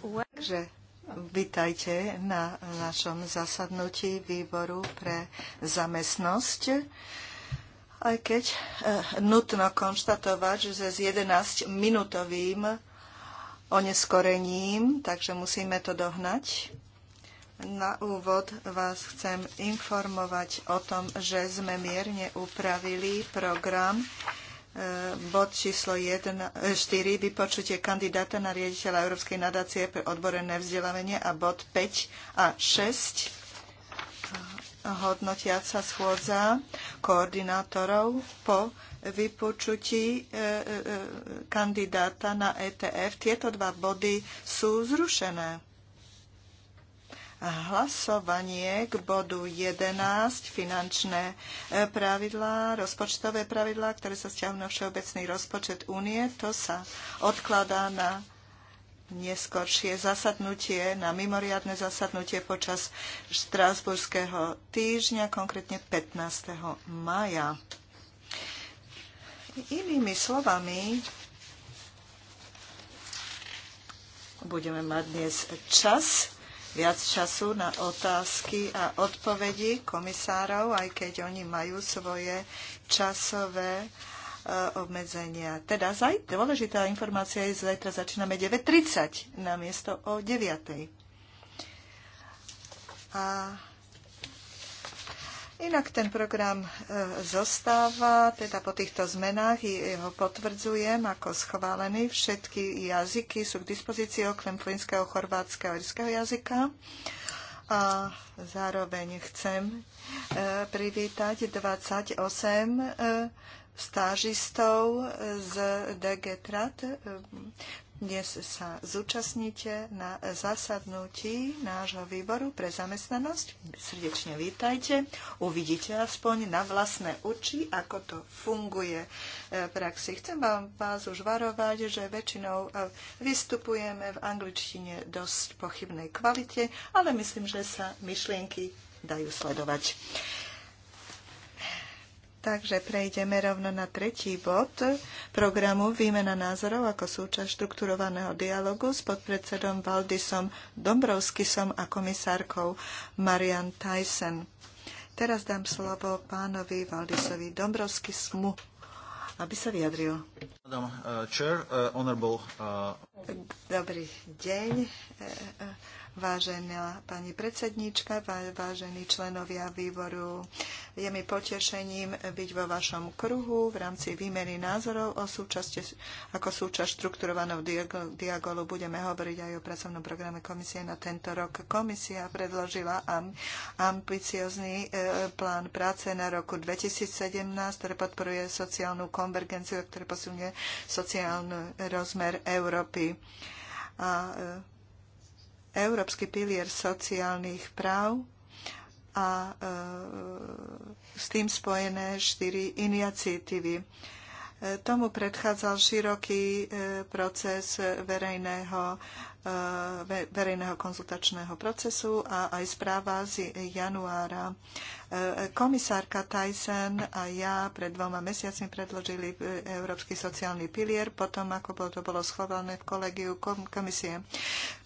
Takže vítajte na našom zasadnutí výboru pre zamestnosť. Aj keď eh, nutno konštatovať, že s 11-minútovým oneskorením, takže musíme to dohnať. Na úvod vás chcem informovať o tom, že sme mierne upravili program bod číslo 1, 4, vypočutie kandidáta na riaditeľa Európskej nadácie pre odborené vzdelávanie a bod 5 a 6, hodnotiaca schôdza koordinátorov po vypočutí e, e, e, kandidáta na ETF. Tieto dva body sú zrušené hlasovanie k bodu 11, finančné e, pravidlá, rozpočtové pravidlá, ktoré sa stiahnu na všeobecný rozpočet únie. To sa odkladá na neskoršie zasadnutie, na mimoriadne zasadnutie počas Štrásburského týždňa, konkrétne 15. maja. Inými slovami, budeme mať dnes čas viac času na otázky a odpovedi komisárov, aj keď oni majú svoje časové e, obmedzenia. Teda zaj, dôležitá informácia je, zajtra začíname 9.30 na miesto o 9.00. A Inak ten program e, zostáva, teda po týchto zmenách ho potvrdzujem ako schválený. Všetky jazyky sú k dispozícii okrem finského, chorvátskeho a irského jazyka. A zároveň chcem e, privítať 28 e, stážistov z DG Trat dnes sa zúčastnite na zasadnutí nášho výboru pre zamestnanosť. Srdečne vítajte. Uvidíte aspoň na vlastné oči, ako to funguje v praxi. Chcem vám vás už varovať, že väčšinou e, vystupujeme v angličtine dosť pochybnej kvalite, ale myslím, že sa myšlienky dajú sledovať. Takže prejdeme rovno na tretí bod programu Výmena názorov ako súčasť štrukturovaného dialogu s podpredsedom Valdisom Dombrovskisom a komisárkou Marian Tyson. Teraz dám slovo pánovi Valdisovi Dombrovskismu, aby sa vyjadril. Madam, uh, chair, uh, honorable, uh... Dobrý deň. Uh, uh vážená pani predsedníčka, vážení členovia výboru. Je mi potešením byť vo vašom kruhu v rámci výmery názorov o súčasť ako súčasť štrukturovaného diagolu. Budeme hovoriť aj o pracovnom programe komisie na tento rok. Komisia predložila ambiciozný e, plán práce na roku 2017, ktorý podporuje sociálnu konvergenciu, ktorý posilňuje sociálny rozmer Európy. A e, Európsky pilier sociálnych práv a e, s tým spojené štyri iniciatívy. E, tomu predchádzal široký e, proces verejného verejného konzultačného procesu a aj správa z januára. E, komisárka Tyson a ja pred dvoma mesiacmi predložili e, Európsky sociálny pilier, potom ako to bolo schované v kolegiu komisie.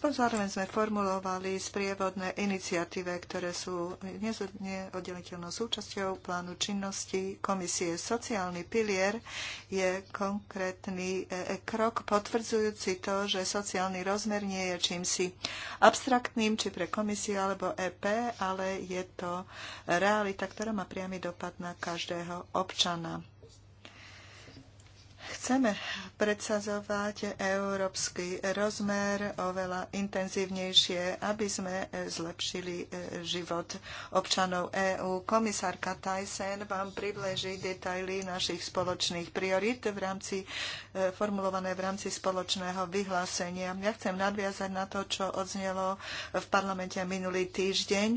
Zároveň sme formulovali sprievodné iniciatíve, ktoré sú neoddeliteľnou súčasťou plánu činnosti komisie. Sociálny pilier je konkrétny e, krok potvrdzujúci to, že sociálny rozmer nie je čímsi abstraktným, či pre komisiu alebo EP, ale je to realita, ktorá má priamy dopad na každého občana. Chceme predsazovať európsky rozmer oveľa intenzívnejšie, aby sme e, zlepšili e, život občanov EÚ. Komisárka Tyson vám približí detaily našich spoločných priorit v rámci, e, formulované v rámci spoločného vyhlásenia. Ja chcem nadviazať na to, čo odznelo v parlamente minulý týždeň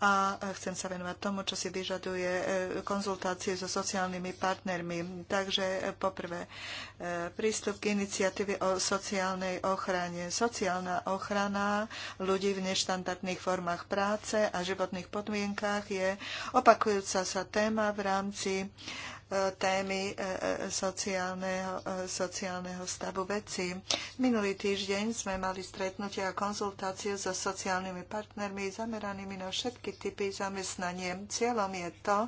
a chcem sa venovať tomu, čo si vyžaduje e, konzultácie so sociálnymi partnermi. Takže e, poprvé, e, prístup k iniciatíve o sociálnej ochrane. Sociálna ochrana ľudí v neštandardných formách práce a životných podmienkách je opakujúca sa téma v rámci témy e, e, sociálneho, e, sociálneho stavu veci. Minulý týždeň sme mali stretnutie a konzultáciu so sociálnymi partnermi zameranými na všetky typy zamestnanie. Cieľom je to,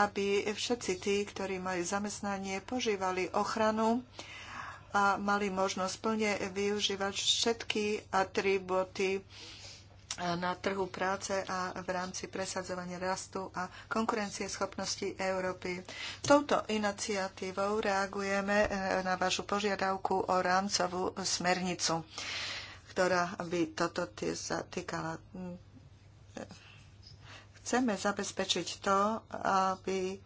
aby všetci tí, ktorí majú zamestnanie, požívali ochranu a mali možnosť plne využívať všetky atributy na trhu práce a v rámci presadzovania rastu a konkurencie schopnosti Európy. Touto iniciatívou reagujeme e, na vašu požiadavku o rámcovú smernicu, ktorá by toto zatýkala. Chceme zabezpečiť to, aby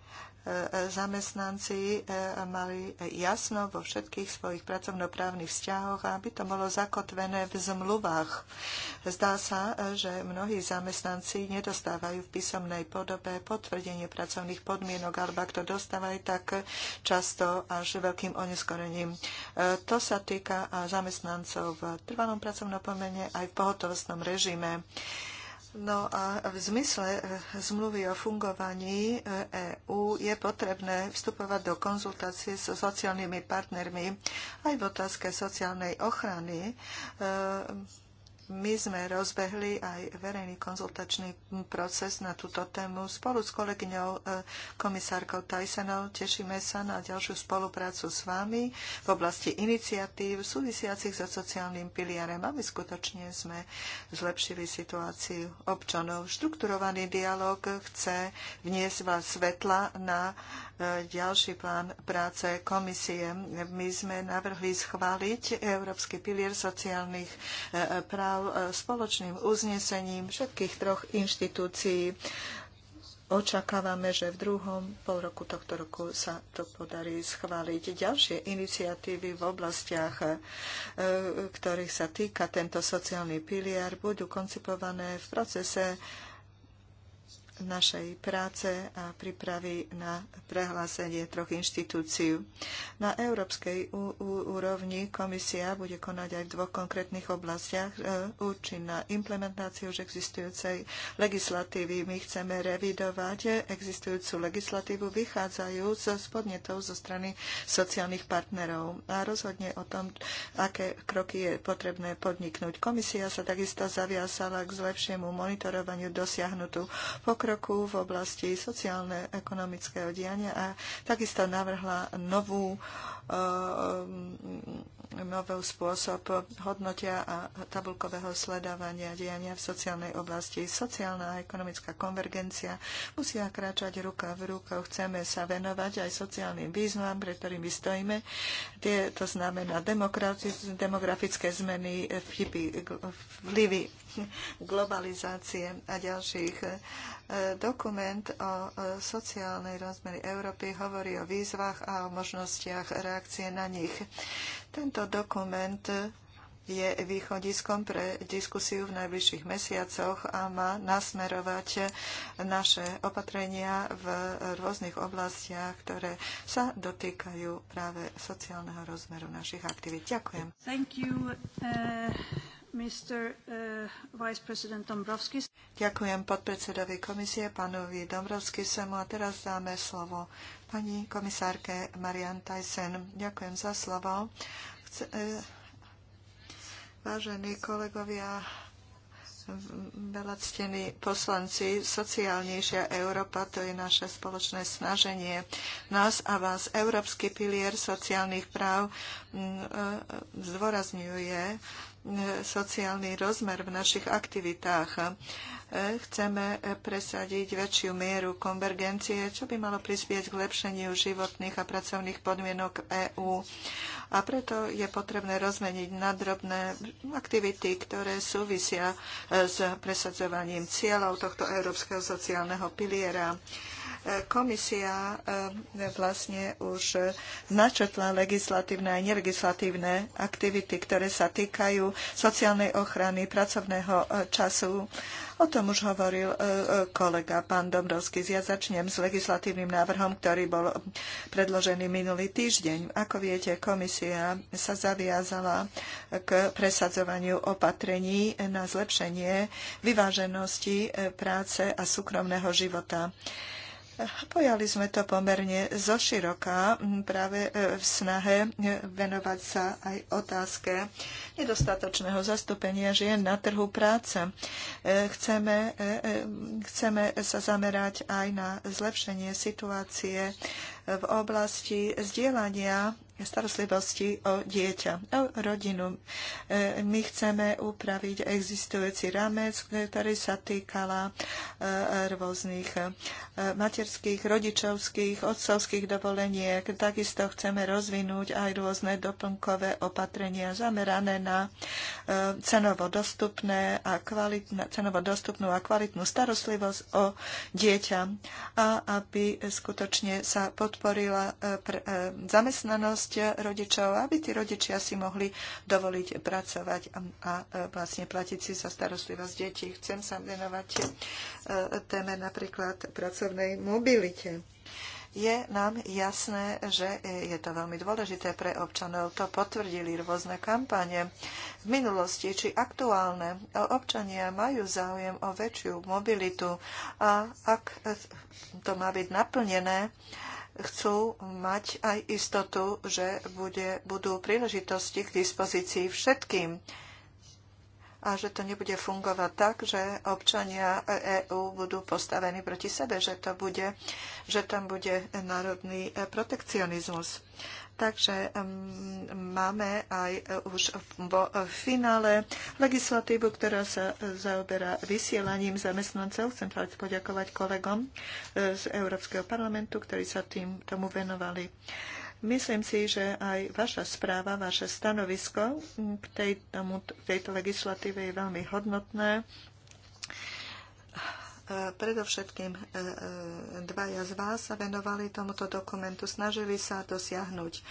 zamestnanci e, mali jasno vo všetkých svojich pracovnoprávnych vzťahoch, aby to bolo zakotvené v zmluvách. Zdá sa, že mnohí zamestnanci nedostávajú v písomnej podobe potvrdenie pracovných podmienok, alebo ak to dostávajú, tak často až veľkým oneskorením. E, to sa týka zamestnancov v trvalom pracovnom pomene aj v pohotovostnom režime. No a v zmysle eh, zmluvy o fungovaní EÚ eh, e je potrebné vstupovať do konzultácie so sociálnymi partnermi aj v otázke sociálnej ochrany eh, my sme rozbehli aj verejný konzultačný proces na túto tému spolu s kolegyňou e, komisárkou Tajsenou Tešíme sa na ďalšiu spoluprácu s vami v oblasti iniciatív súvisiacich so sociálnym pilierem, aby skutočne sme zlepšili situáciu občanov. Štrukturovaný dialog chce vniesť vás svetla na e, ďalší plán práce komisie. My sme navrhli schváliť Európsky pilier sociálnych e, práv stal e, spoločným uznesením všetkých troch inštitúcií. Očakávame, že v druhom pol roku tohto roku sa to podarí schváliť. Ďalšie iniciatívy v oblastiach, e, ktorých sa týka tento sociálny pilier, budú koncipované v procese našej práce a pripravy na prehlásenie troch inštitúcií. Na európskej úrovni komisia bude konať aj v dvoch konkrétnych oblastiach e, účinná implementáciu už existujúcej legislatívy. My chceme revidovať existujúcu legislatívu vychádzajúc z podnetov zo strany sociálnych partnerov a rozhodne o tom, aké kroky je potrebné podniknúť. Komisia sa takisto zaviazala k zlepšiemu monitorovaniu dosiahnutú pokroku pokroku v oblasti sociálne-ekonomického diania a takisto navrhla novú, eh, nový spôsob hodnotia a tabulkového sledávania diania v sociálnej oblasti. Sociálna a ekonomická konvergencia musia kráčať ruka v ruku. Chceme sa venovať aj sociálnym výzvam, pre ktorými stojíme. Tie, to znamená demografické zmeny, vplyvy globalizácie a ďalších Dokument o sociálnej rozmery Európy hovorí o výzvach a o možnostiach reakcie na nich. Tento dokument je východiskom pre diskusiu v najbližších mesiacoch a má nasmerovať naše opatrenia v rôznych oblastiach, ktoré sa dotýkajú práve sociálneho rozmeru našich aktivít. Ďakujem. Thank you, uh... Mr. Eh, Vice President Dombrovskis. Ďakujem podpredsedovi komisie, pánovi Dombrovskisemu. A teraz dáme slovo pani komisárke Marian Tyson. Ďakujem za slovo. Chce, eh, vážení kolegovia, veľa ctení poslanci, sociálnejšia Európa, to je naše spoločné snaženie. Nás a vás Európsky pilier sociálnych práv mm, eh, zdôrazňuje sociálny rozmer v našich aktivitách. E, chceme presadiť väčšiu mieru konvergencie, čo by malo prispieť k lepšeniu životných a pracovných podmienok EÚ. A preto je potrebné rozmeniť nadrobné aktivity, ktoré súvisia e, s presadzovaním cieľov tohto európskeho sociálneho piliera Komisia eh, vlastne už načetla legislatívne a nelegislatívne aktivity, ktoré sa týkajú sociálnej ochrany, pracovného eh, času. O tom už hovoril eh, kolega pán Dombrovský. Ja začnem s legislatívnym návrhom, ktorý bol predložený minulý týždeň. Ako viete, komisia sa zaviazala k presadzovaniu opatrení na zlepšenie vyváženosti práce a súkromného života. Pojali sme to pomerne zoširoka práve e, v snahe e, venovať sa aj otázke nedostatočného zastúpenia žien na trhu práce. E, chceme, chceme sa zamerať aj na zlepšenie situácie v oblasti zdieľania starostlivosti o dieťa, o rodinu. E, my chceme upraviť existujúci rámec, ktorý sa týkala e, rôznych e, materských, rodičovských, otcovských dovoleniek. Takisto chceme rozvinúť aj rôzne doplnkové opatrenia zamerané na cenovo, dostupné a cenovo dostupnú a kvalitnú starostlivosť o dieťa a aby skutočne sa podporila zamestnanosť povinnosť rodičov, aby tí rodičia si mohli dovoliť pracovať a, a e, vlastne platiť si za starostlivosť detí. Chcem sa venovať e, téme napríklad pracovnej mobilite je nám jasné, že je to veľmi dôležité pre občanov. To potvrdili rôzne kampane v minulosti či aktuálne. Občania majú záujem o väčšiu mobilitu a ak to má byť naplnené, chcú mať aj istotu, že bude, budú príležitosti k dispozícii všetkým a že to nebude fungovať tak, že občania EÚ e budú postavení proti sebe, že, to bude, že tam bude národný protekcionizmus. Takže máme aj e, už vo e, finále legislatívu, ktorá sa e, zaoberá vysielaním zamestnancov. Chcem sa poďakovať kolegom z Európskeho parlamentu, ktorí sa tým tomu venovali. Myslím si, že aj vaša správa, vaše stanovisko k tej, tomu, tejto legislatíve je veľmi hodnotné Predovšetkým e, e, dvaja z vás sa venovali tomuto dokumentu, snažili sa dosiahnuť e,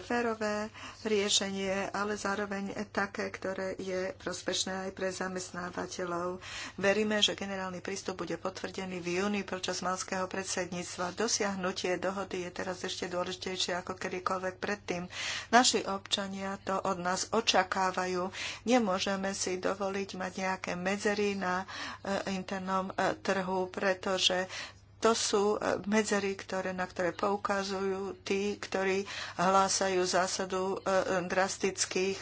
férové riešenie, ale zároveň také, ktoré je prospešné aj pre zamestnávateľov. Veríme, že generálny prístup bude potvrdený v júni počas malského predsedníctva. Dosiahnutie dohody je teraz ešte dôležitejšie ako kedykoľvek predtým. Naši občania to od nás očakávajú. Nemôžeme si dovoliť mať nejaké medzery na internom trhu, pretože to sú e, medzery, ktoré, na ktoré poukazujú tí, ktorí hlásajú zásadu e, e, drastických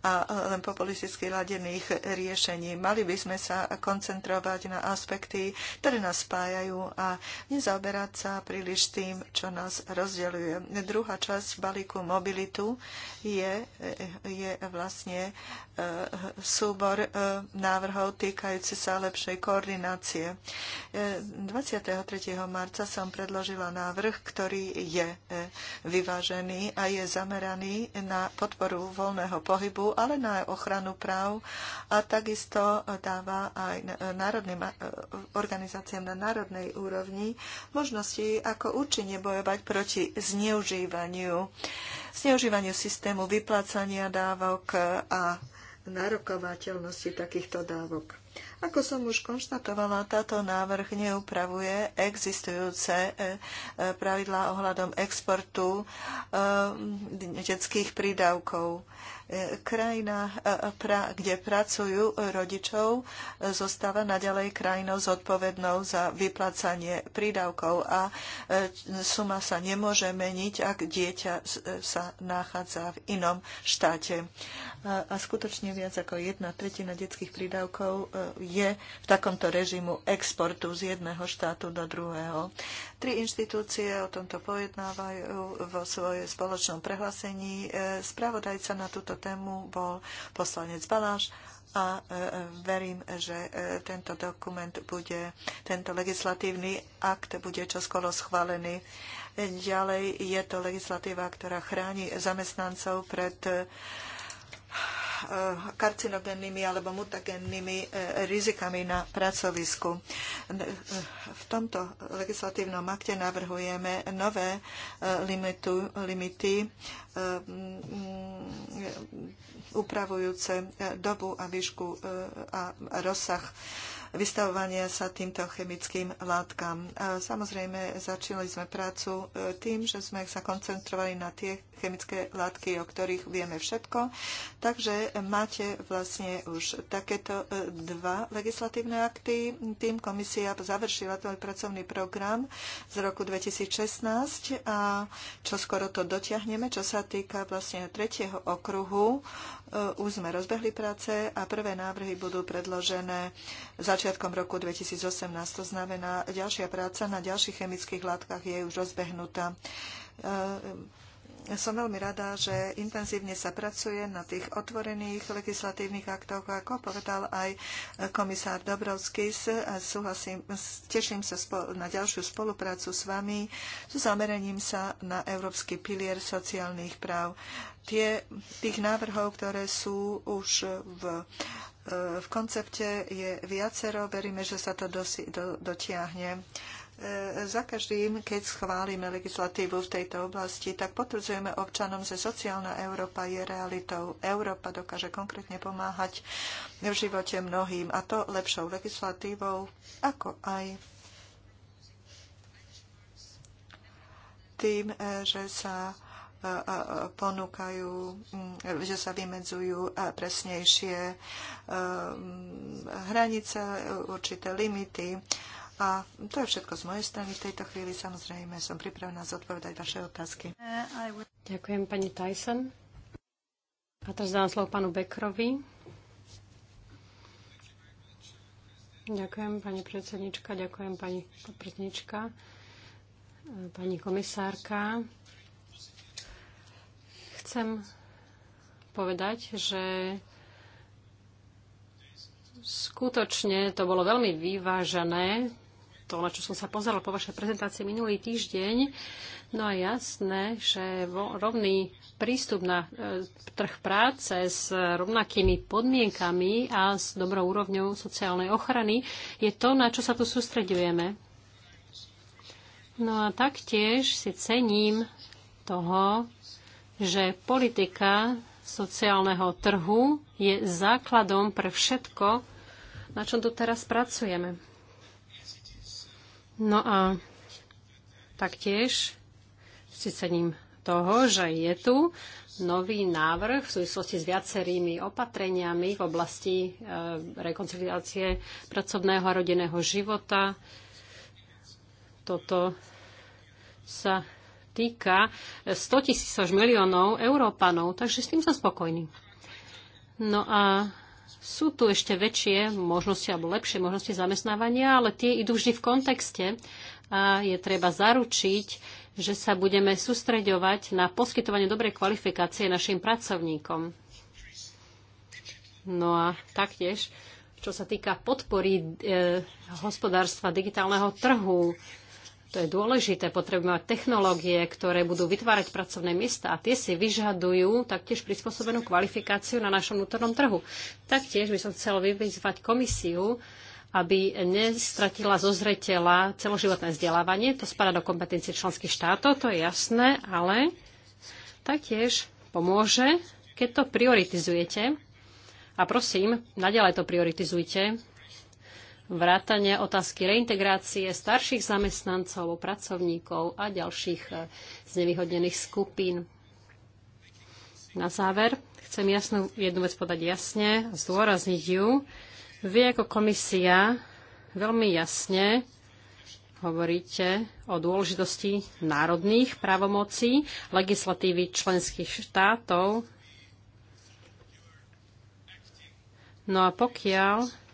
a len populisticky ladených riešení. Mali by sme sa koncentrovať na aspekty, ktoré nás spájajú a nezaoberať sa príliš tým, čo nás rozdeľuje. Druhá časť balíku mobilitu je, je vlastne súbor návrhov týkajúci sa lepšej koordinácie. 20. 23. marca som predložila návrh, ktorý je e, vyvážený a je zameraný na podporu voľného pohybu, ale na ochranu práv a takisto dáva aj e, národným e, organizáciám na národnej úrovni možnosti, ako účinne bojovať proti zneužívaniu, zneužívaniu systému vyplácania dávok a nárokovateľnosti takýchto dávok. Ako som už konštatovala, táto návrh neupravuje existujúce e, e, pravidlá ohľadom exportu e, detských prídavkov. Krajina, kde pracujú rodičov, zostáva naďalej krajinou zodpovednou za vyplácanie prídavkov a suma sa nemôže meniť, ak dieťa sa nachádza v inom štáte. A skutočne viac ako jedna tretina detských prídavkov je v takomto režimu exportu z jedného štátu do druhého. Tri inštitúcie o tomto pojednávajú vo svojom spoločnom prehlásení. E, spravodajca na túto tému bol poslanec Baláš a e, verím, že e, tento dokument bude, tento legislatívny akt bude čoskoro schválený. Ďalej je to legislatíva, ktorá chráni zamestnancov pred Eh, karcinogennými alebo mutagennými eh, rizikami na pracovisku. Eh, v tomto legislatívnom akte navrhujeme nové limitu, limity mm, upravujúce dobu a výšku a rozsah vystavovania sa týmto chemickým látkam. A samozrejme, začali sme prácu e, tým, že sme sa koncentrovali na tie chemické látky, o ktorých vieme všetko. Takže máte vlastne už takéto e, dva legislatívne akty. Tým komisia završila tvoj pracovný program z roku 2016 a čo skoro to dotiahneme, čo sa týka vlastne tretieho okruhu E, už sme rozbehli práce a prvé návrhy budú predložené začiatkom roku 2018. To znamená, ďalšia práca na ďalších chemických látkach je už rozbehnutá e, som veľmi rada, že intenzívne sa pracuje na tých otvorených legislatívnych aktoch, ako povedal aj komisár Dobrovský. Súhlasím, teším sa na ďalšiu spoluprácu s vami so zameraním sa na Európsky pilier sociálnych práv. Tie, tých návrhov, ktoré sú už v e, v koncepte je viacero, veríme, že sa to dosi, do, dotiahne. E, za každým, keď schválime legislatívu v tejto oblasti, tak potvrdzujeme občanom, že sociálna Európa je realitou. Európa dokáže konkrétne pomáhať v živote mnohým a to lepšou legislatívou, ako aj tým, e, že sa e, ponúkajú, že sa vymedzujú presnejšie hranice, určité limity a to je všetko z mojej strany. V tejto chvíli samozrejme som pripravená zodpovedať vaše otázky. Ďakujem pani Tyson. A teraz dám slovo panu Bekrovi. Ďakujem pani predsednička, ďakujem pani podpredsednička, pani komisárka. Chcem povedať, že skutočne to bolo veľmi vyvážené, to, na čo som sa pozerala po vašej prezentácii minulý týždeň. No a jasné, že rovný prístup na e, trh práce s rovnakými podmienkami a s dobrou úrovňou sociálnej ochrany je to, na čo sa tu sústredujeme. No a taktiež si cením toho, že politika sociálneho trhu je základom pre všetko, na čom tu teraz pracujeme. No a taktiež si cením toho, že je tu nový návrh v súvislosti s viacerými opatreniami v oblasti e, eh, rekonciliácie pracovného a rodinného života. Toto sa týka 100 tisíc až miliónov Európanov, takže s tým som spokojný. No a sú tu ešte väčšie možnosti alebo lepšie možnosti zamestnávania, ale tie idú vždy v kontexte a je treba zaručiť, že sa budeme sústreďovať na poskytovanie dobrej kvalifikácie našim pracovníkom. No a taktiež, čo sa týka podpory e, hospodárstva digitálneho trhu, to je dôležité. Potrebujeme mať technológie, ktoré budú vytvárať pracovné miesta a tie si vyžadujú taktiež prispôsobenú kvalifikáciu na našom vnútornom trhu. Taktiež by som chcel vyzvať komisiu, aby nestratila zo zretela celoživotné vzdelávanie. To spada do kompetencie členských štátov, to je jasné, ale taktiež pomôže, keď to prioritizujete. A prosím, naďalej to prioritizujte, vrátane otázky reintegrácie starších zamestnancov, pracovníkov a ďalších e, znevýhodnených skupín. Na záver chcem jasnú, jednu vec podať jasne zdôrazniť ju. Vy ako komisia veľmi jasne hovoríte o dôležitosti národných právomocí, legislatívy členských štátov. No a pokiaľ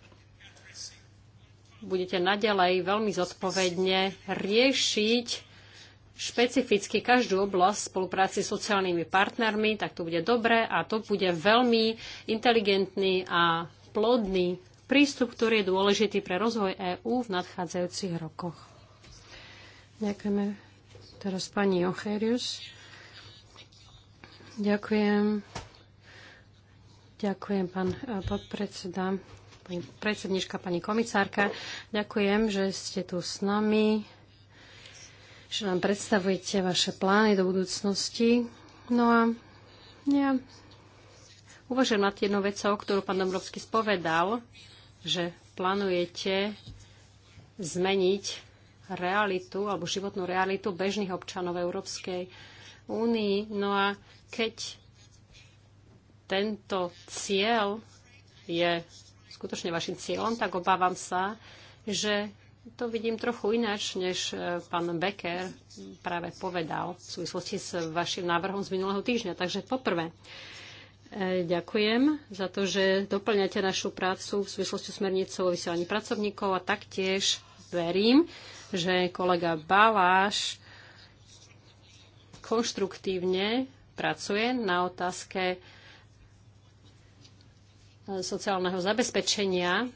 budete naďalej veľmi zodpovedne riešiť špecificky každú oblasť spolupráci s sociálnymi partnermi, tak to bude dobre a to bude veľmi inteligentný a plodný prístup, ktorý je dôležitý pre rozvoj EÚ v nadchádzajúcich rokoch. Ďakujeme teraz pani Ocherius. Ďakujem. Ďakujem, pán eh, podpredseda pani predsedníčka, pani komisárka. Ďakujem, že ste tu s nami, že nám predstavujete vaše plány do budúcnosti. No a ja uvažujem nad jednou vecou, ktorú pán Dombrovský spovedal, že plánujete zmeniť realitu alebo životnú realitu bežných občanov Európskej únii. No a keď tento cieľ je skutočne vašim cieľom, tak obávam sa, že to vidím trochu ináč, než e, pán Becker práve povedal v súvislosti s vašim návrhom z minulého týždňa. Takže poprvé, e, ďakujem za to, že doplňate našu prácu v súvislosti s smernicou o vysielaní pracovníkov a taktiež verím, že kolega Baláš konštruktívne pracuje na otázke sociálneho zabezpečenia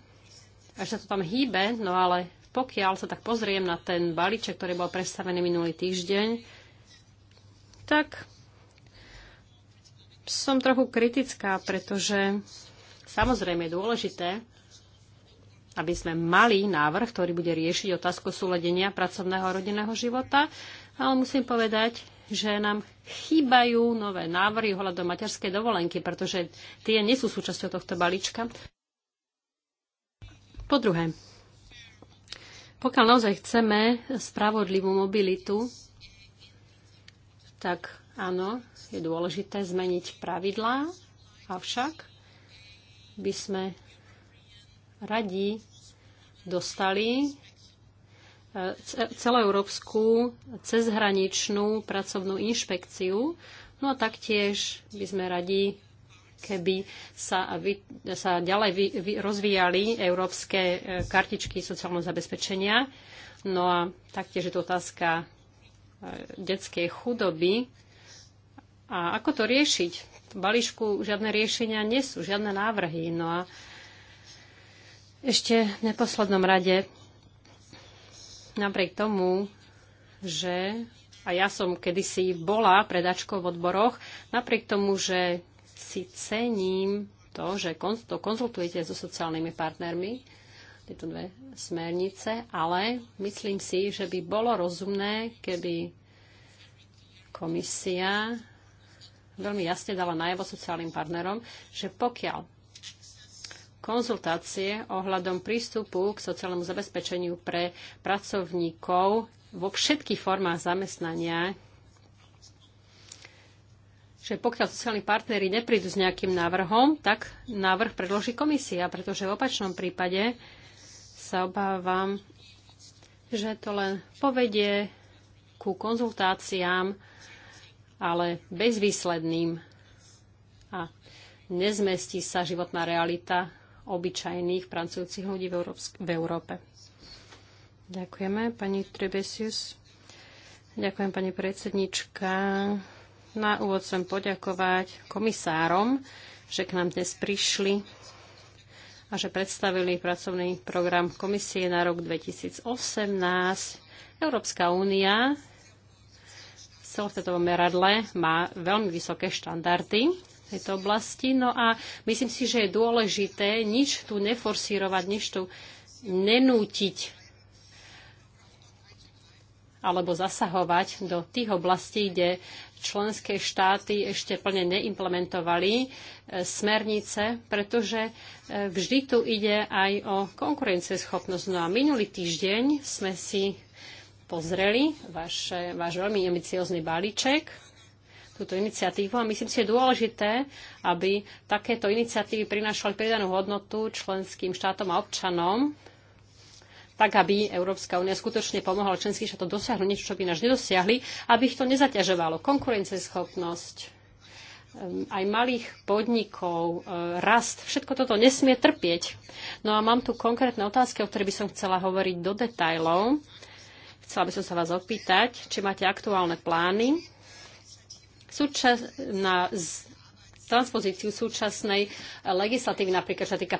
a že sa to tam hýbe, no ale pokiaľ sa tak pozriem na ten balíček, ktorý bol predstavený minulý týždeň, tak som trochu kritická, pretože samozrejme je dôležité, aby sme mali návrh, ktorý bude riešiť otázku súledenia pracovného a rodinného života, ale musím povedať, že nám chýbajú nové návrhy ohľadom materskej dovolenky, pretože tie nie sú súčasťou tohto balíčka. Po druhé, pokiaľ naozaj chceme spravodlivú mobilitu, tak áno, je dôležité zmeniť pravidlá, avšak by sme radi dostali celoeurópsku cezhraničnú pracovnú inšpekciu. No a taktiež by sme radi, keby sa, vy, sa ďalej vy, vy, rozvíjali európske e, kartičky sociálneho zabezpečenia. No a taktiež je to otázka e, detskej chudoby. A ako to riešiť? V balíšku žiadne riešenia nie sú, žiadne návrhy. No a ešte v neposlednom rade napriek tomu, že a ja som kedysi bola predačkou v odboroch, napriek tomu, že si cením to, že to konzultujete so sociálnymi partnermi, tieto dve smernice, ale myslím si, že by bolo rozumné, keby komisia veľmi jasne dala najavo sociálnym partnerom, že pokiaľ konzultácie ohľadom prístupu k sociálnemu zabezpečeniu pre pracovníkov vo všetkých formách zamestnania, že pokiaľ sociálni partnery neprídu s nejakým návrhom, tak návrh predloží komisia, pretože v opačnom prípade sa obávam, že to len povedie ku konzultáciám, ale bezvýsledným a nezmestí sa životná realita obyčajných pracujúcich ľudí v, Európs- v Európe. Ďakujeme, pani Trebesius. Ďakujem, pani predsednička. Na úvod chcem poďakovať komisárom, že k nám dnes prišli a že predstavili pracovný program komisie na rok 2018. Európska únia v celostatovom meradle má veľmi vysoké štandardy tejto oblasti. No a myslím si, že je dôležité nič tu neforsírovať, nič tu nenútiť alebo zasahovať do tých oblastí, kde členské štáty ešte plne neimplementovali e, smernice, pretože e, vždy tu ide aj o konkurencieschopnosť. No a minulý týždeň sme si pozreli váš, váš veľmi ambiciózny balíček túto iniciatívu a myslím si, je dôležité, aby takéto iniciatívy prinášali pridanú hodnotu členským štátom a občanom, tak aby Európska únia skutočne pomohla členským štátom dosiahnuť niečo, čo by náš nedosiahli, aby ich to nezaťažovalo. Konkurenceschopnosť ehm, aj malých podnikov, ehm, rast, všetko toto nesmie trpieť. No a mám tu konkrétne otázky, o ktorých by som chcela hovoriť do detajlov. Chcela by som sa vás opýtať, či máte aktuálne plány súčas- na transpozíciu súčasnej legislatívy, napríklad sa týka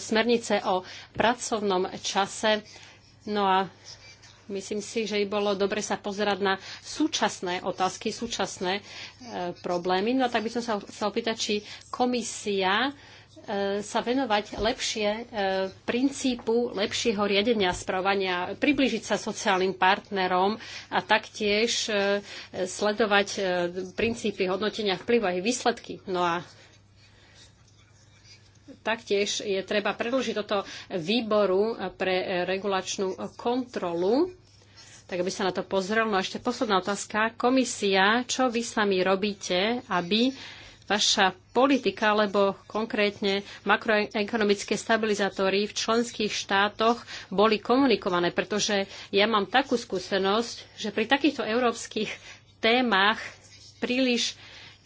smernice o pracovnom čase. No a myslím si, že by bolo dobre sa pozerať na súčasné otázky, súčasné e, problémy. No a tak by som sa chcel opýtať, či komisia E, sa venovať lepšie e, princípu lepšieho riadenia správania, približiť sa sociálnym partnerom a taktiež e, sledovať princípy hodnotenia vplyvu aj výsledky. No a taktiež je treba predložiť toto výboru pre regulačnú kontrolu tak aby sa na to pozrel. No a ešte posledná otázka. Komisia, čo vy sami robíte, aby vaša politika, alebo konkrétne makroekonomické stabilizátory v členských štátoch boli komunikované, pretože ja mám takú skúsenosť, že pri takýchto európskych témach príliš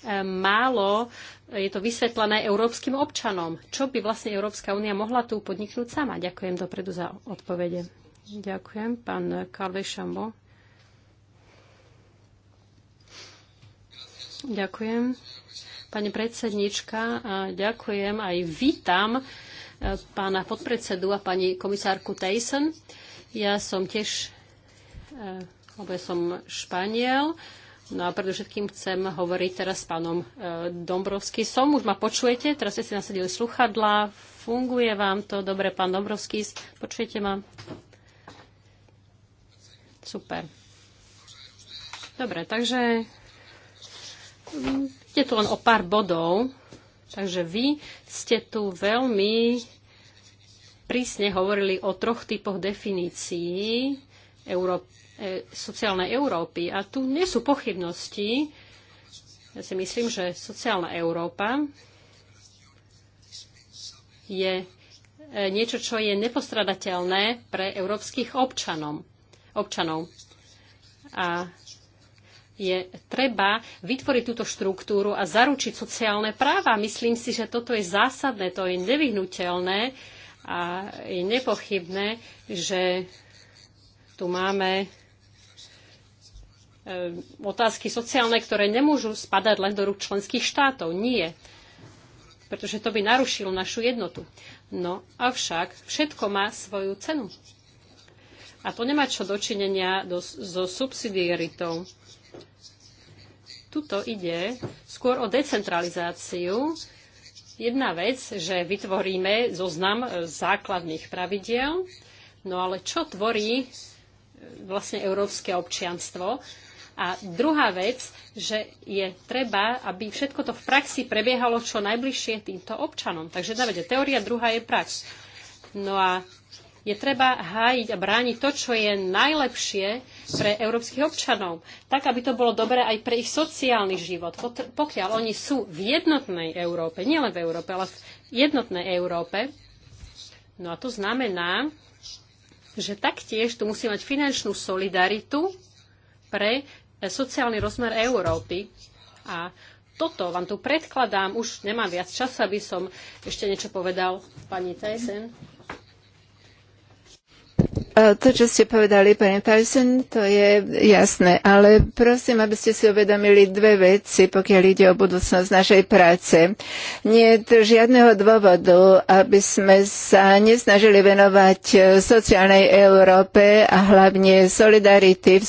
e, málo e, je to vysvetlené európskym občanom. Čo by vlastne Európska únia mohla tu podniknúť sama? Ďakujem dopredu za odpovede. Ďakujem, pán Karlej Šambo. Ďakujem pani predsednička. Ďakujem aj vítam e, pána podpredsedu a pani komisárku Tyson. Ja som tiež, e, lebo ja som Španiel, no a predovšetkým chcem hovoriť teraz s pánom e, Dombrovským. Som, už ma počujete, teraz ste si nasadili sluchadla, funguje vám to dobre, pán Dombrovský, počujete ma? Super. Dobre, takže mm, Ide tu len o pár bodov, takže vy ste tu veľmi prísne hovorili o troch typoch definícií Európy, e, sociálnej Európy. A tu nie sú pochybnosti. Ja si myslím, že sociálna Európa je e, niečo, čo je nepostradateľné pre európskych občanom, občanov. A je treba vytvoriť túto štruktúru a zaručiť sociálne práva. Myslím si, že toto je zásadné, to je nevyhnutelné a je nepochybné, že tu máme eh, otázky sociálne, ktoré nemôžu spadať len do rúk členských štátov. Nie. Pretože to by narušilo našu jednotu. No avšak všetko má svoju cenu. A to nemá čo dočinenia do, so subsidiaritou. Tuto ide skôr o decentralizáciu. Jedna vec, že vytvoríme zoznam e, základných pravidiel, no ale čo tvorí e, vlastne európske občianstvo? A druhá vec, že je treba, aby všetko to v praxi prebiehalo čo najbližšie týmto občanom. Takže jedna vec je teória, druhá je prax. No a je treba hájiť a brániť to, čo je najlepšie pre európskych občanov, tak aby to bolo dobré aj pre ich sociálny život. Pokiaľ oni sú v jednotnej Európe, nielen v Európe, ale v jednotnej Európe, no a to znamená, že taktiež tu musí mať finančnú solidaritu pre e, sociálny rozmer Európy. A toto vám tu predkladám, už nemám viac času, aby som ešte niečo povedal pani Tyson. E, to, čo ste povedali, pani Tyson, to je jasné, ale prosím, aby ste si uvedomili dve veci, pokiaľ ide o budúcnosť našej práce. Nie je žiadneho dôvodu, aby sme sa nesnažili venovať e, sociálnej Európe a hlavne solidarity v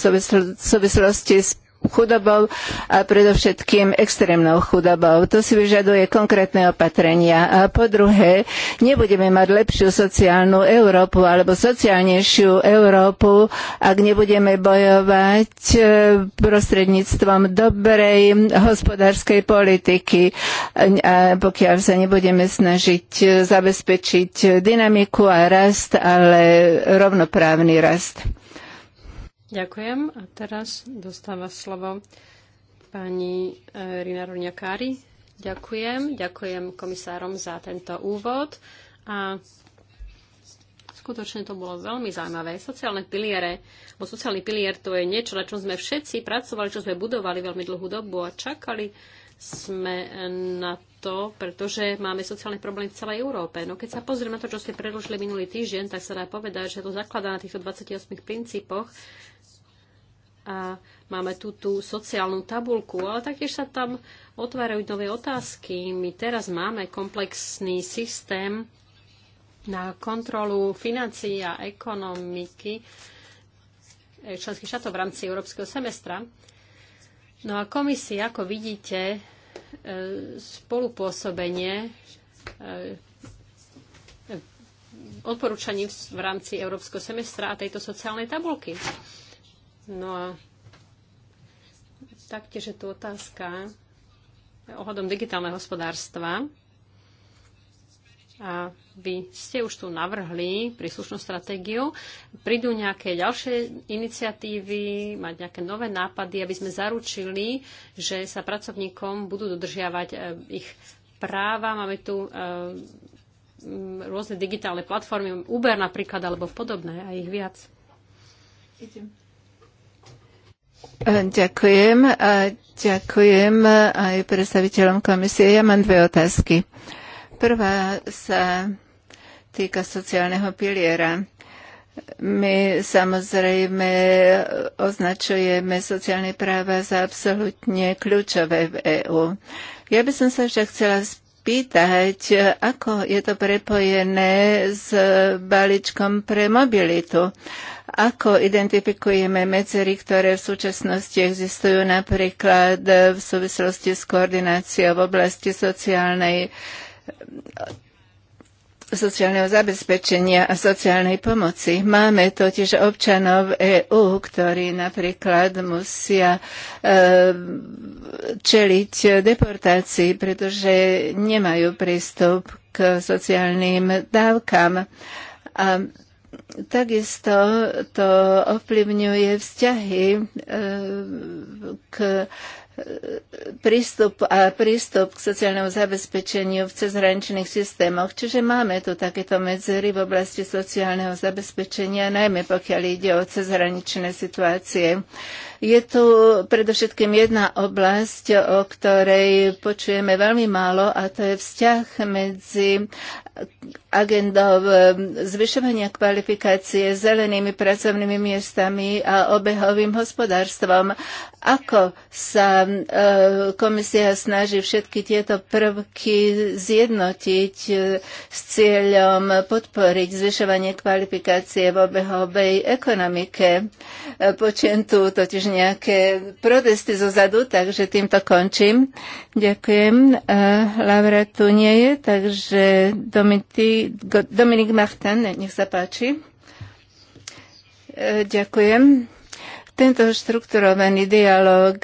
súvislosti s chudobou a predovšetkým extrémnou chudobou. To si vyžaduje konkrétne opatrenia. A po druhé, nebudeme mať lepšiu sociálnu Európu alebo sociálnejšiu Európu, ak nebudeme bojovať e, prostredníctvom dobrej hospodárskej politiky a pokiaľ sa nebudeme snažiť e, zabezpečiť dynamiku a rast, ale rovnoprávny rast. Ďakujem. A teraz dostáva slovo pani e, Rina Runiakári. Ďakujem. Ďakujem komisárom za tento úvod. A skutočne to bolo veľmi zaujímavé. Sociálne piliere, bo sociálny pilier to je niečo, na čom sme všetci pracovali, čo sme budovali veľmi dlhú dobu a čakali sme na to, pretože máme sociálne problémy v celej Európe. No keď sa pozrieme na to, čo ste predložili minulý týždeň, tak sa dá povedať, že to zakladá na týchto 28 princípoch, a máme tú, tú sociálnu tabulku, ale taktiež sa tam otvárajú nové otázky. My teraz máme komplexný systém na kontrolu financií a ekonomiky členských štátov v rámci európskeho semestra. No a komisia, ako vidíte, e, spolupôsobenie e, e, odporúčaní v rámci európskeho semestra a tejto sociálnej tabulky. No a taktiež je tu otázka ohľadom digitálneho hospodárstva. A vy ste už tu navrhli príslušnú stratégiu. Prídu nejaké ďalšie iniciatívy, mať nejaké nové nápady, aby sme zaručili, že sa pracovníkom budú dodržiavať e, ich práva. Máme tu e, rôzne digitálne platformy, Uber napríklad, alebo podobné, a ich viac. Idem. E, ďakujem e, ďakujem aj predstaviteľom komisie. Ja mám dve otázky. Prvá sa týka sociálneho piliera. My samozrejme označujeme sociálne práva za absolútne kľúčové v EÚ. Ja by som sa však chcela spýtať, spýtať, ako je to prepojené s balíčkom pre mobilitu. Ako identifikujeme medzery, ktoré v súčasnosti existujú napríklad v súvislosti s koordináciou v oblasti sociálnej sociálneho zabezpečenia a sociálnej pomoci. Máme totiž občanov EÚ, ktorí napríklad musia e, čeliť deportácii, pretože nemajú prístup k sociálnym dávkam. A takisto to ovplyvňuje vzťahy e, k prístup a prístup k sociálnemu zabezpečeniu v cezhraničných systémoch. Čiže máme tu takéto medzery v oblasti sociálneho zabezpečenia, najmä pokiaľ ide o cezhraničné situácie. Je tu predovšetkým jedna oblasť, o ktorej počujeme veľmi málo a to je vzťah medzi agendou e, zvyšovania kvalifikácie zelenými pracovnými miestami a obehovým hospodárstvom. Ako sa e, komisia snaží všetky tieto prvky zjednotiť e, s cieľom podporiť zvyšovanie kvalifikácie v obehovej ekonomike? Počujem tu totiž nejaké protesty zo zadu, takže týmto končím. Ďakujem. Uh, Laura tu nie je, takže Dominik Martin, nech sa páči. Uh, Ďakujem. Tento štrukturovaný dialog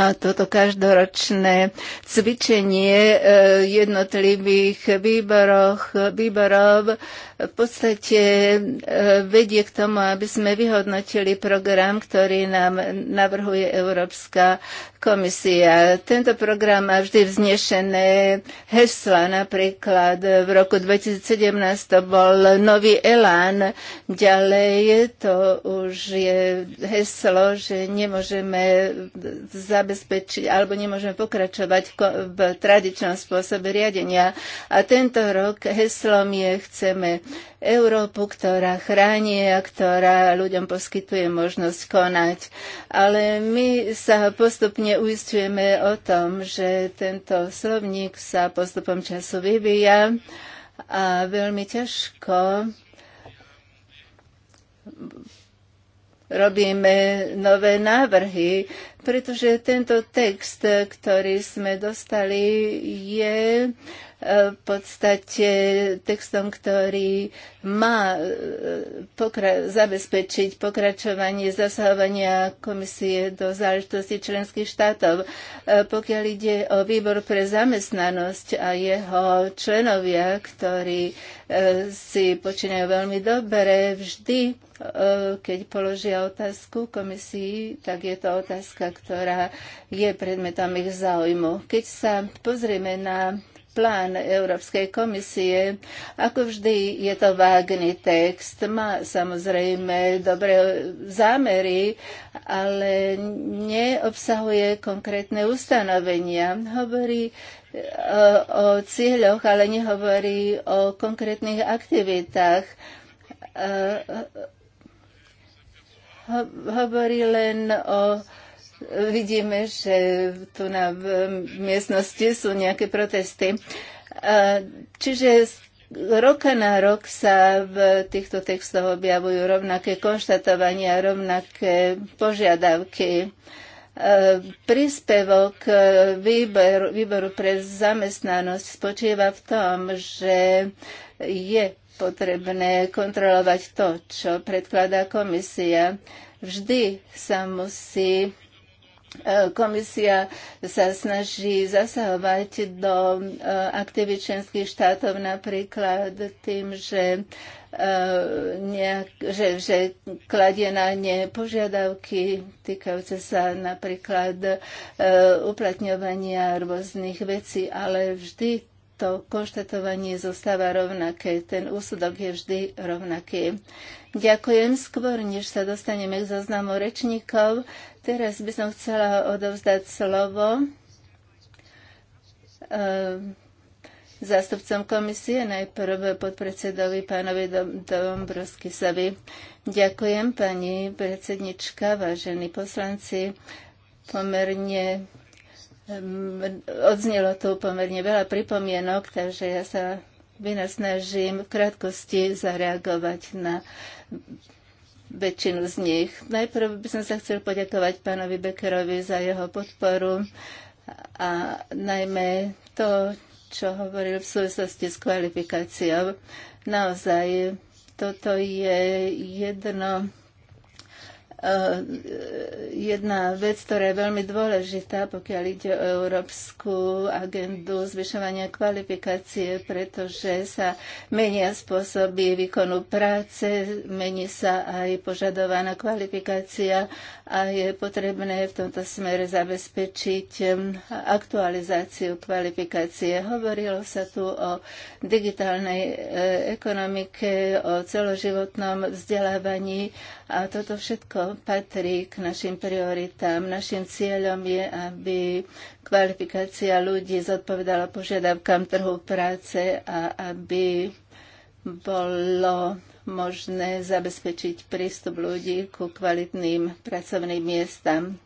a toto každoročné cvičenie uh, jednotlivých výboroch, výborov uh, v podstate e, vedie k tomu, aby sme vyhodnotili program, ktorý nám navrhuje Európska komisia. Tento program má vždy vznešené hesla. Napríklad v roku 2017 to bol nový elán. Ďalej to už je heslo, že nemôžeme zabezpečiť alebo nemôžeme pokračovať v tradičnom spôsobe riadenia. A tento rok heslom je chceme Európu, ktorá chráni a ktorá ľuďom poskytuje možnosť konať. Ale my sa postupne uistujeme o tom, že tento slovník sa postupom času vyvíja a veľmi ťažko robíme nové návrhy, pretože tento text, ktorý sme dostali, je uh, v podstate textom, ktorý má e, pokra- zabezpečiť pokračovanie zasahovania komisie do záležitosti členských štátov. E, pokiaľ ide o výbor pre zamestnanosť a jeho členovia, ktorí e, si počínajú veľmi dobre, vždy keď položia otázku komisii, tak je to otázka, ktorá je predmetom ich záujmu. Keď sa pozrieme na plán Európskej komisie. Ako vždy je to vágný text, má samozrejme dobré zámery, ale neobsahuje konkrétne ustanovenia. Hovorí e, o cieľoch, ale nehovorí o konkrétnych aktivitách. E, hovorí len o Vidíme, že tu na v miestnosti sú nejaké protesty. Čiže roka na rok sa v týchto textoch objavujú rovnaké konštatovania, rovnaké požiadavky. Príspevok výboru, výboru pre zamestnanosť spočíva v tom, že je potrebné kontrolovať to, čo predkladá komisia. Vždy sa musí E, komisia sa snaží zasahovať do e, aktivít členských štátov napríklad tým, že, e, nejak, že, že kladie na ne požiadavky týkajúce sa napríklad uplatňovania rôznych vecí, ale vždy to konštatovanie zostáva rovnaké. Ten úsudok je vždy rovnaký. Ďakujem skôr, než sa dostaneme k zoznamu rečníkov. Teraz by som chcela odovzdať slovo eh, zástupcom komisie, najprv podpredsedovi pánovi Dombrovskisovi. Ďakujem, pani predsednička, vážení poslanci. Pomerne Odznelo tu pomerne veľa pripomienok, takže ja sa vynasnažím v krátkosti zareagovať na väčšinu z nich. Najprv by som sa chcel poďakovať pánovi Bekerovi za jeho podporu a najmä to, čo hovoril v súvislosti s kvalifikáciou. Naozaj, toto je jedno Eh, jedna vec, ktorá je veľmi dôležitá, pokiaľ ide o európsku agendu zvyšovania kvalifikácie, pretože sa menia spôsoby výkonu práce, mení sa aj požadovaná kvalifikácia a je potrebné v tomto smere zabezpečiť aktualizáciu kvalifikácie. Hovorilo sa tu o digitálnej eh, ekonomike, o celoživotnom vzdelávaní a toto všetko patrí k našim prioritám. Našim cieľom je, aby kvalifikácia ľudí zodpovedala požiadavkám trhu práce a aby bolo možné zabezpečiť prístup ľudí ku kvalitným pracovným miestam.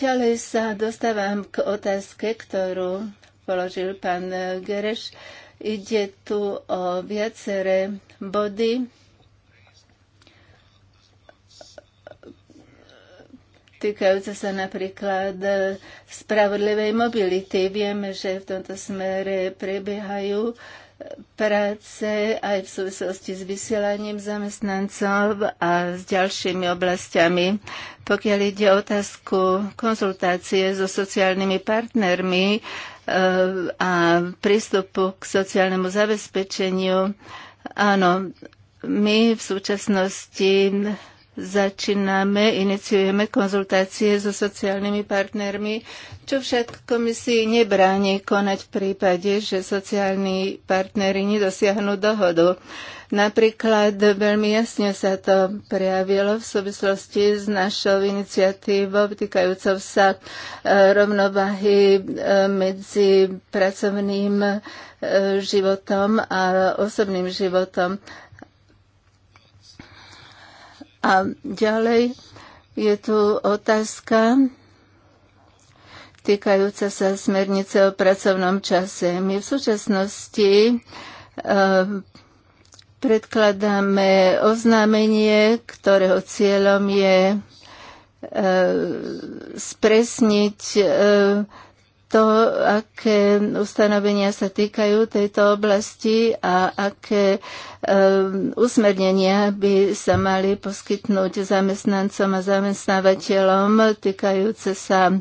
Ďalej sa dostávam k otázke, ktorú položil pán Gereš. Ide tu o viaceré body, týkajúce sa napríklad e, spravodlivej mobility. Vieme, že v tomto smere prebiehajú e, práce aj v súvislosti s vysielaním zamestnancov a s ďalšími oblastiami. Pokiaľ ide o otázku konzultácie so sociálnymi partnermi e, a prístupu k sociálnemu zabezpečeniu, áno, my v súčasnosti začíname, iniciujeme konzultácie so sociálnymi partnermi, čo však komisii nebráni konať v prípade, že sociálni partnery nedosiahnu dohodu. Napríklad veľmi jasne sa to prejavilo v súvislosti s našou iniciatívou týkajúcou sa e, rovnováhy e, medzi pracovným e, životom a osobným životom. A ďalej je tu otázka týkajúca sa smernice o pracovnom čase. My v súčasnosti eh, predkladáme oznámenie, ktorého cieľom je eh, spresniť eh, to, aké ustanovenia sa týkajú tejto oblasti a aké ehm, usmernenia by sa mali poskytnúť zamestnancom a zamestnávateľom týkajúce sa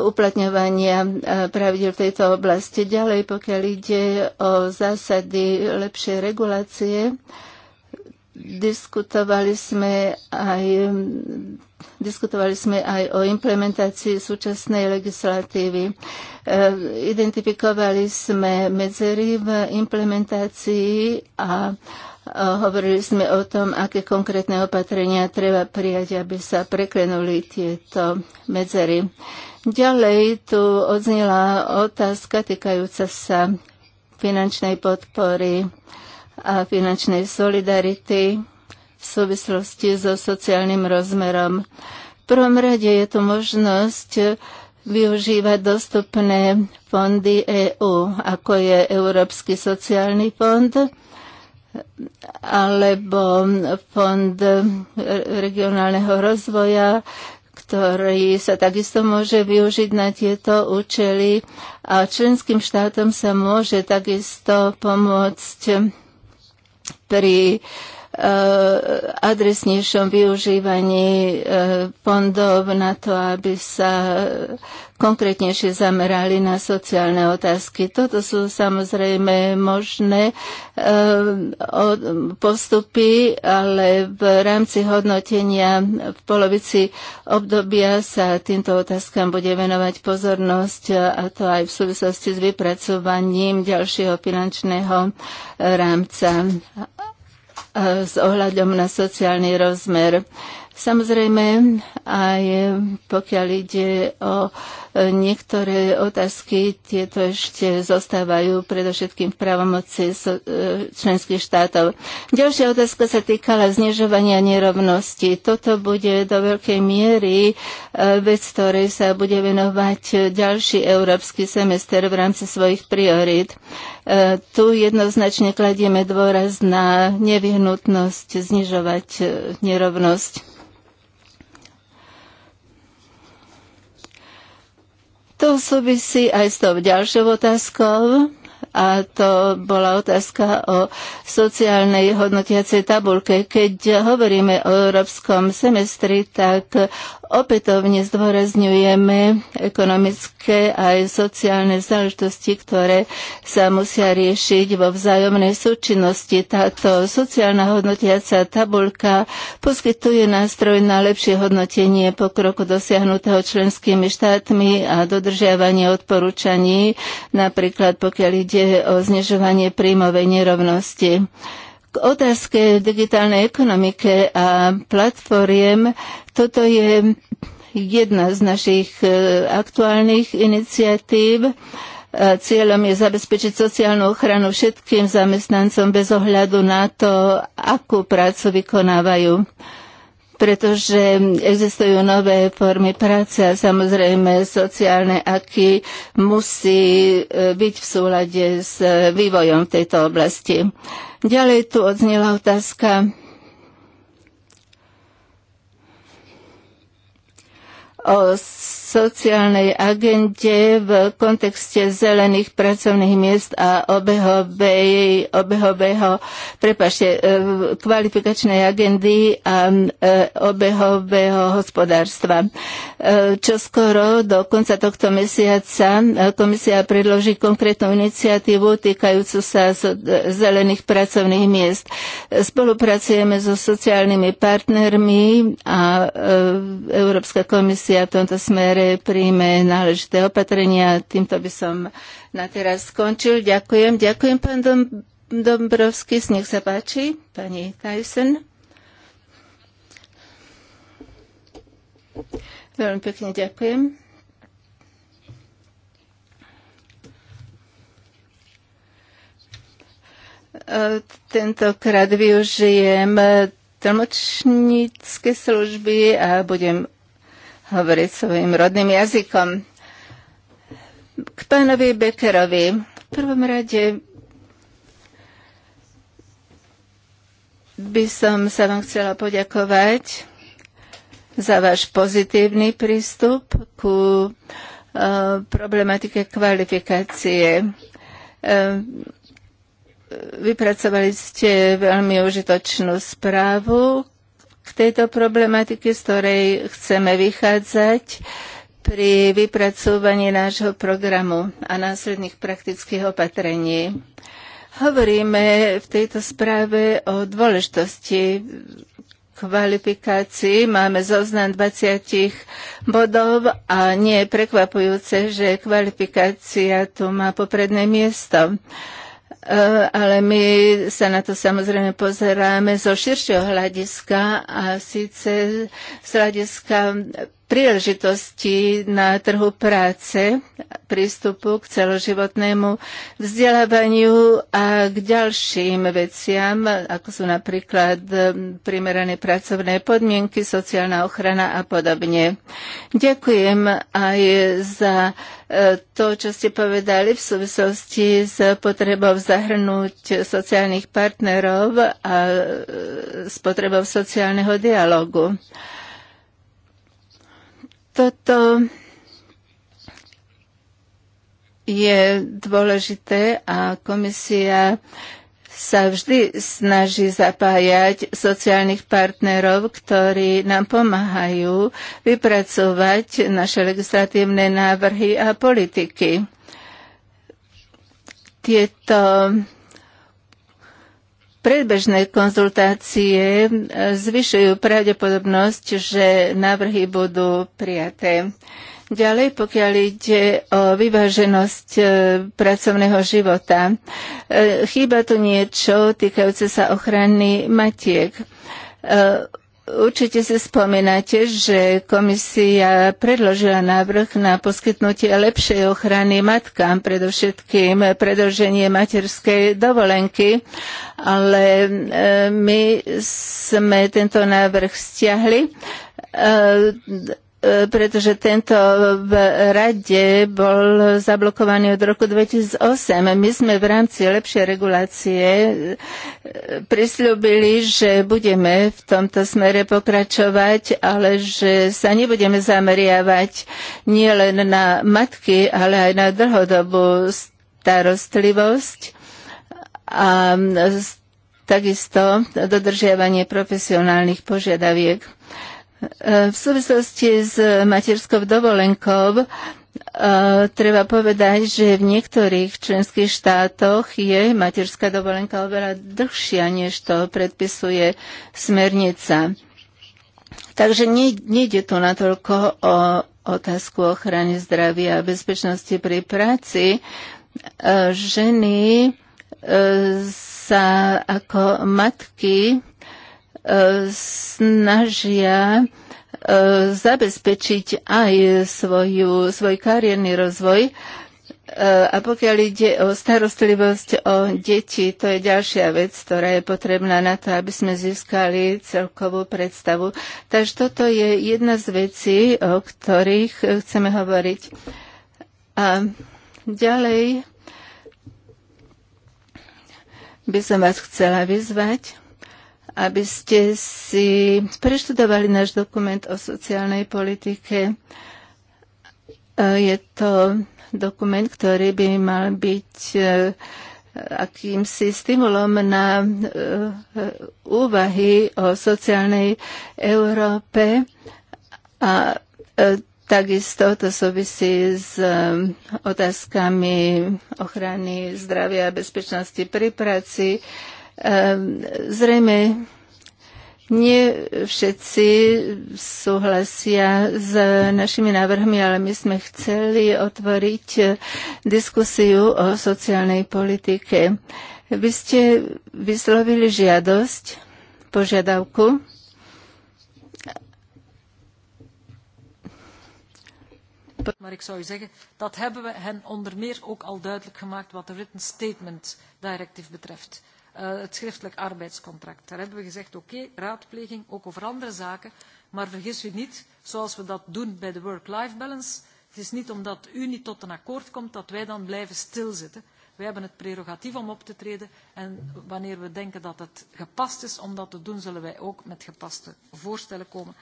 uplatňovania e, pravidel v tejto oblasti. Ďalej, pokiaľ ide o zásady lepšej regulácie, Diskutovali sme aj mm, Diskutovali sme aj o implementácii súčasnej legislatívy. E, identifikovali sme medzery v implementácii a hovorili sme o tom, aké konkrétne opatrenia treba prijať, aby sa preklenuli tieto medzery. Ďalej tu odznila otázka týkajúca sa finančnej podpory a finančnej solidarity v súvislosti so sociálnym rozmerom. V prvom rade je to možnosť využívať dostupné fondy EÚ, ako je Európsky sociálny fond alebo fond regionálneho rozvoja, ktorý sa takisto môže využiť na tieto účely a členským štátom sa môže takisto pomôcť pri Eh, adresnejšom využívaní eh, fondov na to, aby sa konkrétnejšie zamerali na sociálne otázky. Toto sú samozrejme možné eh, postupy, ale v rámci hodnotenia v polovici obdobia sa týmto otázkam bude venovať pozornosť a to aj v súvislosti s vypracovaním ďalšieho finančného rámca s ohľadom na sociálny rozmer. Samozrejme, aj pokiaľ ide o e, niektoré otázky, tieto ešte zostávajú predovšetkým v právomoci e, členských štátov. Ďalšia otázka sa týkala znižovania nerovnosti. Toto bude do veľkej miery e, vec, ktorej sa bude venovať ďalší európsky semester v rámci svojich priorít. Tu jednoznačne kladieme dôraz na nevyhnutnosť znižovať nerovnosť. To súvisí aj s tou ďalšou otázkou, a to bola otázka o sociálnej hodnotiacej tabulke. Keď hovoríme o európskom semestri, tak opätovne zdôrazňujeme ekonomické aj sociálne záležitosti, ktoré sa musia riešiť vo vzájomnej súčinnosti. Táto sociálna hodnotiaca tabulka poskytuje nástroj na lepšie hodnotenie pokroku dosiahnutého členskými štátmi a dodržiavanie odporúčaní, napríklad pokiaľ ide ide o e, znižovanie príjmovej nerovnosti. K otázke digitálnej ekonomike a platformiem toto je jedna z našich e, aktuálnych iniciatív. E, cieľom je zabezpečiť sociálnu ochranu všetkým zamestnancom bez ohľadu na to, akú prácu vykonávajú pretože existujú nové formy práce a samozrejme sociálne aky musí e, byť v súlade s e, vývojom v tejto oblasti. Ďalej tu odznela otázka o sociálnej agende v kontexte zelených pracovných miest a obehovej, obehového, prepašte, e, kvalifikačnej agendy a e, obehového hospodárstva. E, čo skoro do konca tohto mesiaca komisia predloží konkrétnu iniciatívu týkajúcu sa zelených pracovných miest. Spolupracujeme so sociálnymi partnermi a Európska komisia v tomto smere ktoré príjme náležité opatrenia. Týmto by som na teraz skončil. Ďakujem. Ďakujem, pán Dom- Dombrovský. Nech sa páči, pani Tyson. Veľmi pekne ďakujem. E, tentokrát využijem tlmočnícke služby a budem hovoriť svojim rodným jazykom. K pánovi Beckerovi. V prvom rade by som sa vám chcela poďakovať za váš pozitívny prístup ku e, problematike kvalifikácie. E, vypracovali ste veľmi užitočnú správu, v tejto problematike, z ktorej chceme vychádzať pri vypracovaní nášho programu a následných praktických opatrení. Hovoríme v tejto správe o dôležitosti kvalifikácií. Máme zoznam 20 bodov a nie je prekvapujúce, že kvalifikácia tu má popredné miesto. E, ale my sa na to samozrejme pozeráme zo širšieho hľadiska a síce z hľadiska príležitosti na trhu práce, prístupu k celoživotnému vzdelávaniu a k ďalším veciam, ako sú napríklad e, primerané pracovné podmienky, sociálna ochrana a podobne. Ďakujem aj za e, to, čo ste povedali v súvislosti s potrebou zahrnúť sociálnych partnerov a e, s potrebou sociálneho dialogu. Toto je dôležité a komisia sa vždy snaží zapájať sociálnych partnerov, ktorí nám pomáhajú vypracovať naše legislatívne návrhy a politiky. Tieto Predbežné konzultácie e, zvyšujú pravdepodobnosť, že návrhy budú prijaté. Ďalej, pokiaľ ide o vyváženosť e, pracovného života, e, chýba tu niečo týkajúce sa ochrany matiek Určite si spomínate, že komisia predložila návrh na poskytnutie lepšej ochrany matkám, predovšetkým predlženie materskej dovolenky, ale e, my sme tento návrh stiahli e, E, pretože tento v rade bol zablokovaný od roku 2008. My sme v rámci lepšej regulácie e, prislúbili, že budeme v tomto smere pokračovať, ale že sa nebudeme zameriavať nielen na matky, ale aj na dlhodobú starostlivosť a takisto dodržiavanie profesionálnych požiadaviek. E, v súvislosti s materskou dovolenkou e, treba povedať, že v niektorých členských štátoch je materská dovolenka oveľa dlhšia, než to predpisuje smernica. Takže nejde tu natoľko o otázku ochrany zdravia a bezpečnosti pri práci. E, ženy sa ako matky snažia e, zabezpečiť aj svoju, svoj kariérny rozvoj. E, a pokiaľ ide o starostlivosť o deti, to je ďalšia vec, ktorá je potrebná na to, aby sme získali celkovú predstavu. Takže toto je jedna z vecí, o ktorých chceme hovoriť. A ďalej by som vás chcela vyzvať, aby ste si preštudovali náš dokument o sociálnej politike. E, je to dokument, ktorý by mal byť e, akýmsi stimulom na e, úvahy o sociálnej Európe a Takisto to súvisí s otázkami ochrany zdravia a bezpečnosti pri práci, Ehm, zrejme nie všetci súhlasia s našimi návrhmi, ale my sme chceli otvoriť diskusiu o sociálnej politike. Vy ste vyslovili žiadosť, požiadavku. Maar ik zou u zeggen, dat hebben we hen onder meer ook al duidelijk gemaakt wat de written statement directive betreft. Eh, het schriftelijk arbeidscontract. Daar hebben we gezegd, oké, raadpleging ook over andere zaken, maar vergis u niet, zoals we dat doen bij de work-life balance, het is niet omdat u niet tot een akkoord komt dat wij dan blijven stilzitten. Wij hebben het prerogatief om op te treden en wanneer we denken dat het gepast is om dat te doen, zullen wij ook met gepaste voorstellen komen.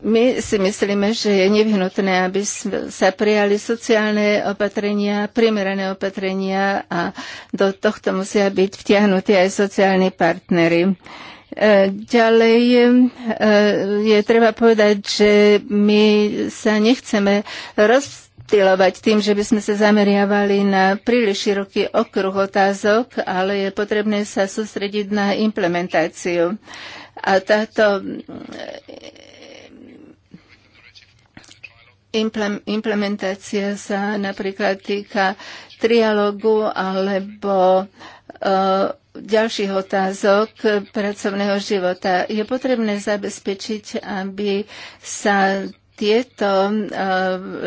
My si myslíme, že je nevyhnutné, aby sa prijali sociálne opatrenia, primerané opatrenia a do tohto musia byť vtiahnutí aj sociálni partnery. E, ďalej e, e, je treba povedať, že my sa nechceme roz venttilovať tým, že by sme sa zameriavali na príliš široký okruh otázok, ale je potrebné sa sústrediť na implementáciu. A táto eh, implementácia sa napríklad týka trialogu alebo eh, ďalších otázok pracovného života. Je potrebné zabezpečiť, aby sa tieto eh,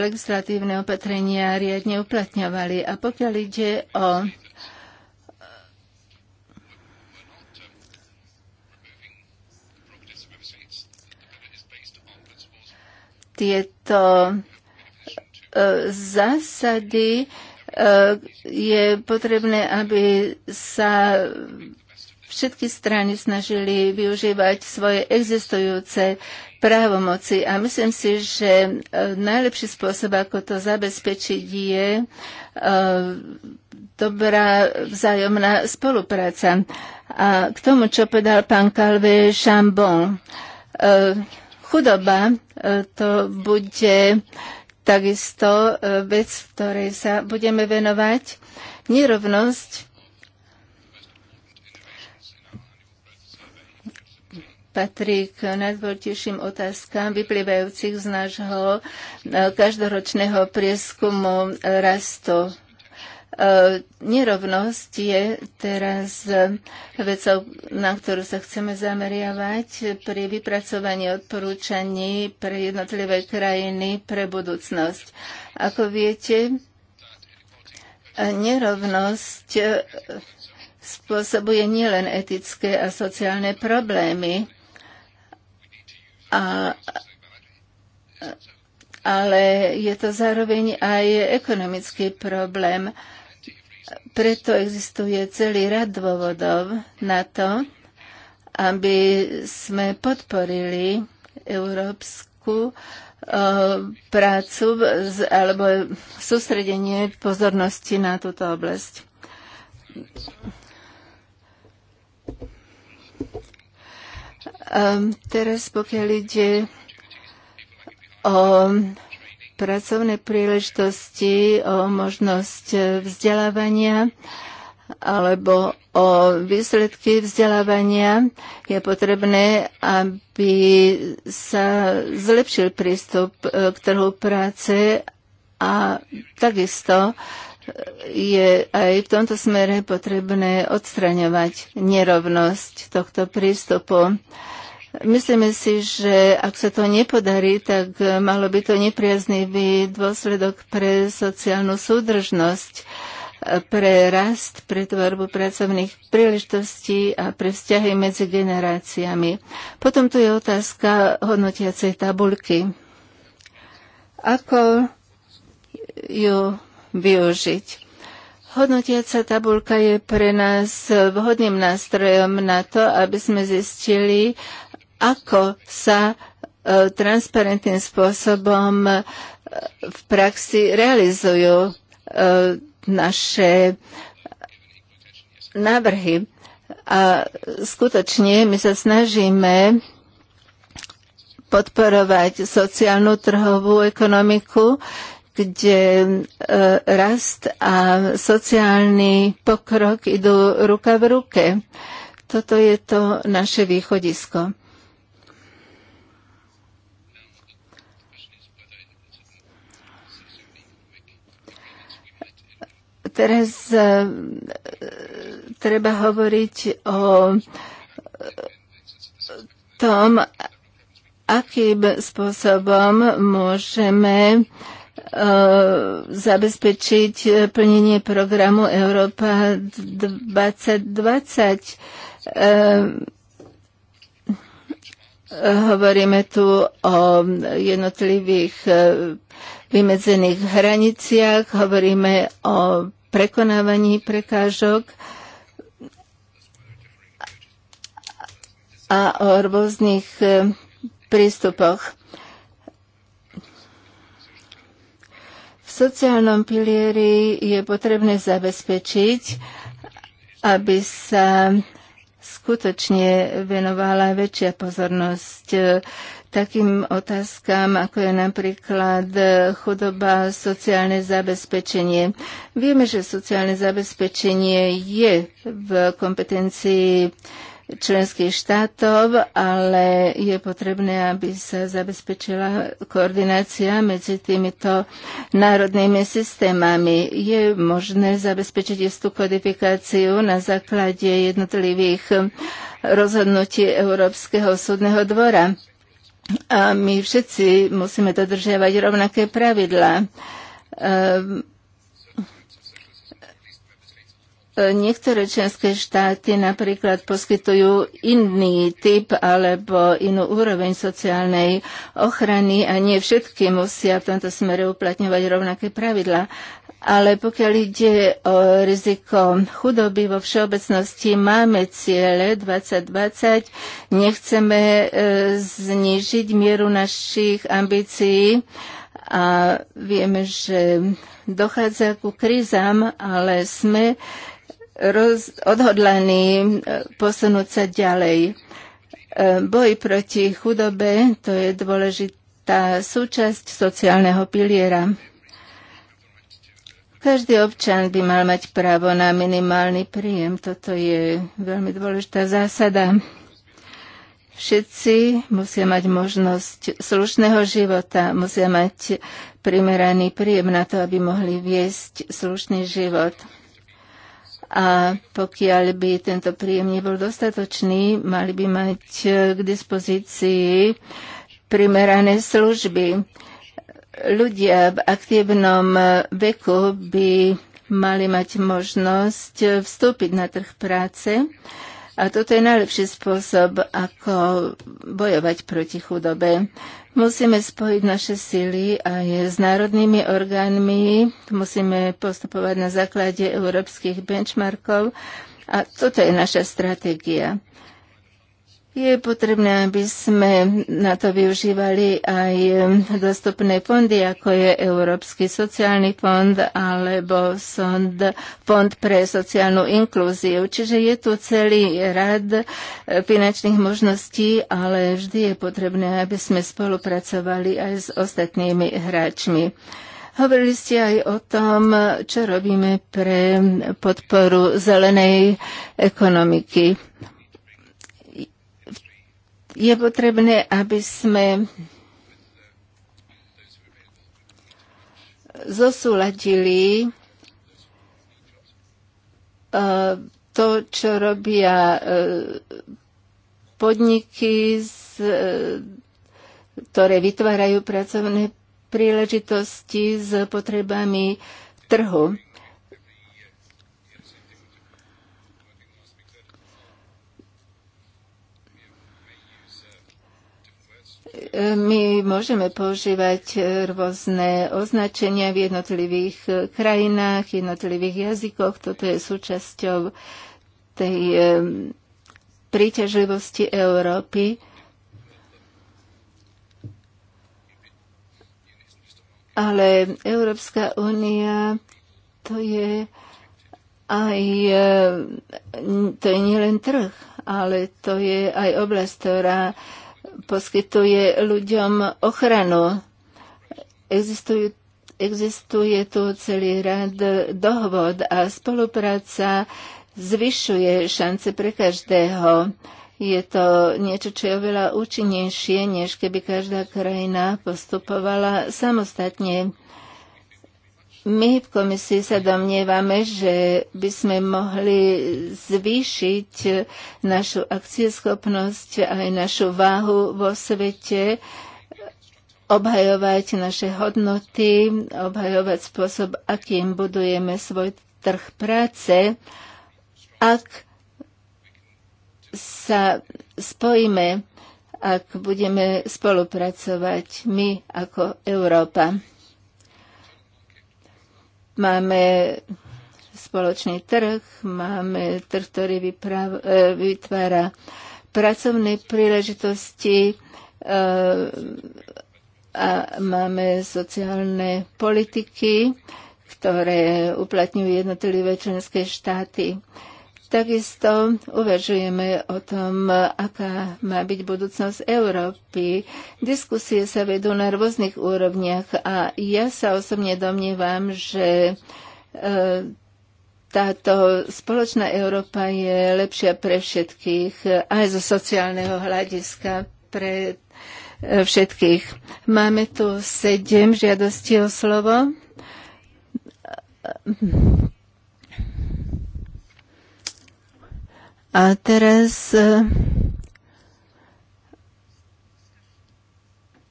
legislatívne opatrenia riadne uplatňovali. A pokiaľ ide o tieto eh, zásady eh, je potrebné, aby sa všetky strany snažili využívať svoje existujúce právomoci. A myslím si, že e, najlepší spôsob, ako to zabezpečiť, je e, dobrá vzájomná spolupráca. A k tomu, čo povedal pán Calvé Chambon, e, chudoba to bude takisto vec, v ktorej sa budeme venovať. Nerovnosť patrí k najdôležitejším otázkam vyplývajúcich z nášho e, každoročného prieskumu rastu. E, nerovnosť je teraz vecou, na ktorú sa chceme zameriavať pri vypracovaní odporúčaní pre jednotlivé krajiny pre budúcnosť. Ako viete, nerovnosť e, spôsobuje nielen etické a sociálne problémy, a, ale je to zároveň aj ekonomický problém. Preto existuje celý rad dôvodov na to, aby sme podporili európsku e, prácu alebo sústredenie pozornosti na túto oblasť. Um, teraz pokiaľ ide o pracovné príležitosti, o možnosť e, vzdelávania alebo o výsledky vzdelávania, je potrebné, aby sa zlepšil prístup e, k trhu práce a takisto e, je aj v tomto smere potrebné odstraňovať nerovnosť tohto prístupu. Myslíme si, že ak sa to nepodarí, tak e, malo by to nepriaznivý dôsledok pre sociálnu súdržnosť, e, pre rast, pre tvorbu pracovných príležitostí a pre vzťahy medzi generáciami. Potom tu je otázka hodnotiacej tabulky. Ako ju využiť? Hodnotiaca tabulka je pre nás vhodným nástrojom na to, aby sme zistili, ako sa e, transparentným spôsobom e, v praxi realizujú e, naše návrhy. A skutočne my sa snažíme podporovať sociálnu trhovú ekonomiku, kde rast a sociálny pokrok idú ruka v ruke. Toto je to naše východisko. Teraz e, e, treba hovoriť o tom, akým spôsobom môžeme e, zabezpečiť plnenie programu Európa 2020. Hovoríme tu o jednotlivých vymedzených hraniciach, hovoríme o prekonávaní prekážok a o rôznych e, prístupoch. V sociálnom pilieri je potrebné zabezpečiť, aby sa skutočne venovala väčšia pozornosť e, takým otázkam, ako je napríklad e, chudoba, sociálne zabezpečenie. Vieme, že sociálne zabezpečenie je v kompetencii členských štátov, ale je potrebné, aby sa zabezpečila koordinácia medzi týmito národnými systémami. Je možné zabezpečiť istú kodifikáciu na základe jednotlivých rozhodnutí Európskeho súdneho dvora. A my všetci musíme dodržiavať rovnaké pravidlá ehm, Niektoré členské štáty napríklad poskytujú iný typ alebo inú úroveň sociálnej ochrany a nie všetky musia v tomto smere uplatňovať rovnaké pravidla. Ale pokiaľ ide o riziko chudoby vo všeobecnosti, máme ciele 2020, nechceme e, znižiť mieru našich ambícií a vieme, že dochádza ku krízam, ale sme e, roz, odhodlaný e, posunúť sa ďalej. E, boj proti chudobe to je dôležitá súčasť sociálneho piliera. Každý občan by mal mať právo na minimálny príjem. Toto je veľmi dôležitá zásada. Všetci musia mať možnosť slušného života, musia mať primeraný príjem na to, aby mohli viesť slušný život a pokiaľ by tento príjem nebol dostatočný, mali by mať e, k dispozícii primerané služby. Ľudia v aktívnom e, veku by mali mať možnosť e, vstúpiť na trh práce a toto je najlepší spôsob, ako bojovať proti chudobe. Musíme spojiť naše síly aj s národnými orgánmi, musíme postupovať na základe európskych benchmarkov a toto je naša stratégia. Je potrebné, aby sme na to využívali aj um, dostupné fondy, ako je Európsky sociálny fond alebo sond, fond pre sociálnu inklúziu. Čiže je tu celý rad uh, finančných možností, ale vždy je potrebné, aby sme spolupracovali aj s ostatnými hráčmi. Hovorili ste aj o tom, čo robíme pre podporu zelenej ekonomiky je potrebné, aby sme zosúladili e, to, čo robia e, podniky, e, ktoré vytvárajú pracovné príležitosti s potrebami trhu. My môžeme používať rôzne označenia v jednotlivých krajinách, jednotlivých jazykoch. Toto je súčasťou tej príťažlivosti Európy. Ale Európska únia to je aj, to je nielen trh, ale to je aj oblasť, ktorá poskytuje ľuďom ochranu. Existujú Existuje tu celý rad dohod a spolupráca zvyšuje šance pre každého. Je to niečo, čo je oveľa účinnejšie, než keby každá krajina postupovala samostatne. My v komisii sa domnievame, že by sme mohli zvýšiť našu akcieschopnosť aj našu váhu vo svete, obhajovať naše hodnoty, obhajovať spôsob, akým budujeme svoj trh práce, ak sa spojíme, ak budeme spolupracovať my ako Európa. Máme spoločný trh, máme trh, ktorý vyprav, e, vytvára pracovné príležitosti e, a máme sociálne politiky, ktoré uplatňujú jednotlivé členské štáty. Takisto uvažujeme o tom, aká má byť budúcnosť Európy. Diskusie sa vedú na rôznych úrovniach a ja sa osobne domnievam, že e, táto spoločná Európa je lepšia pre všetkých, aj zo sociálneho hľadiska pre e, všetkých. Máme tu sedem žiadostí o slovo. A teraz e,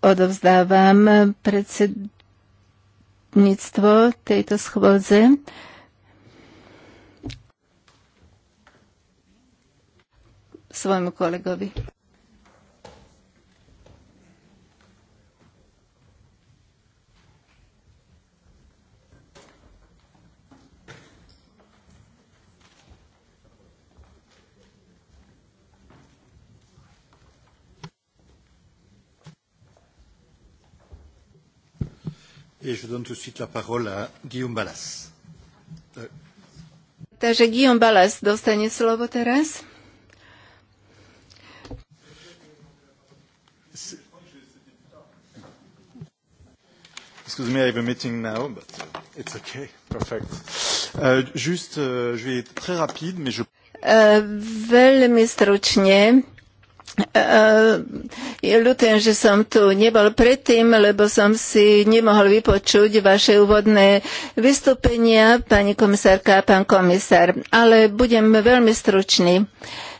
odovzdávam predsedníctvo tejto schôdze. svojmu kolegovi. je donne tout de suite la parole à Guillaume Ballas. Euh. Takže Guillaume Ballas dostane slovo teraz. Excuse me, I have a meeting now, but uh, it's okay, perfect. Euh, juste, euh, je vais être très rapide, mais je... Uh, veľmi stručne ľutujem, e, e, že som tu nebol predtým, lebo som si nemohol vypočuť vaše úvodné vystúpenia, pani komisárka a pán komisár. Ale budem veľmi stručný.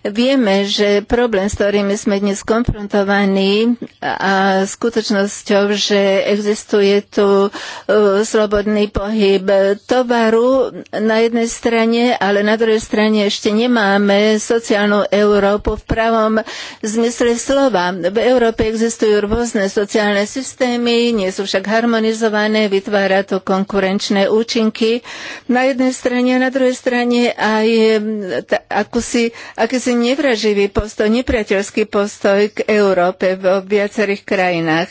Vieme, že problém, s ktorým sme dnes konfrontovaní a skutočnosťou, že existuje tu e, slobodný pohyb tovaru na jednej strane, ale na druhej strane ešte nemáme sociálnu Európu v pravom zmysle slova. V Európe existujú rôzne sociálne systémy, nie sú však harmonizované, vytvára to konkurenčné účinky na jednej strane a na druhej strane aj e, akúsi, akýsi akýsi nevraživý postoj, nepriateľský postoj k Európe vo viacerých krajinách.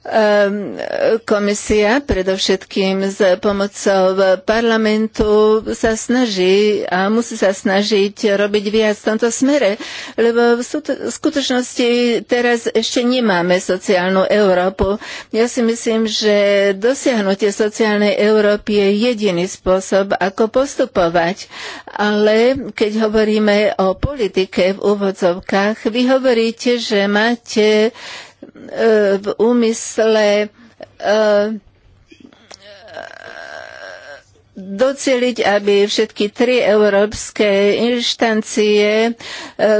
Ehm, komisia, predovšetkým s pomocou parlamentu, sa snaží a musí sa snažiť robiť viac v tomto smere, lebo v skutočnosti teraz ešte nemáme sociálnu Európu. Ja si myslím, že dosiahnutie sociálnej Európy je jediný spôsob, ako postupovať. Ale keď hovoríme o politike v úvodzovkách, vy hovoríte, že máte v úmysle eh, doceliť, aby všetky tri európske inštancie, e,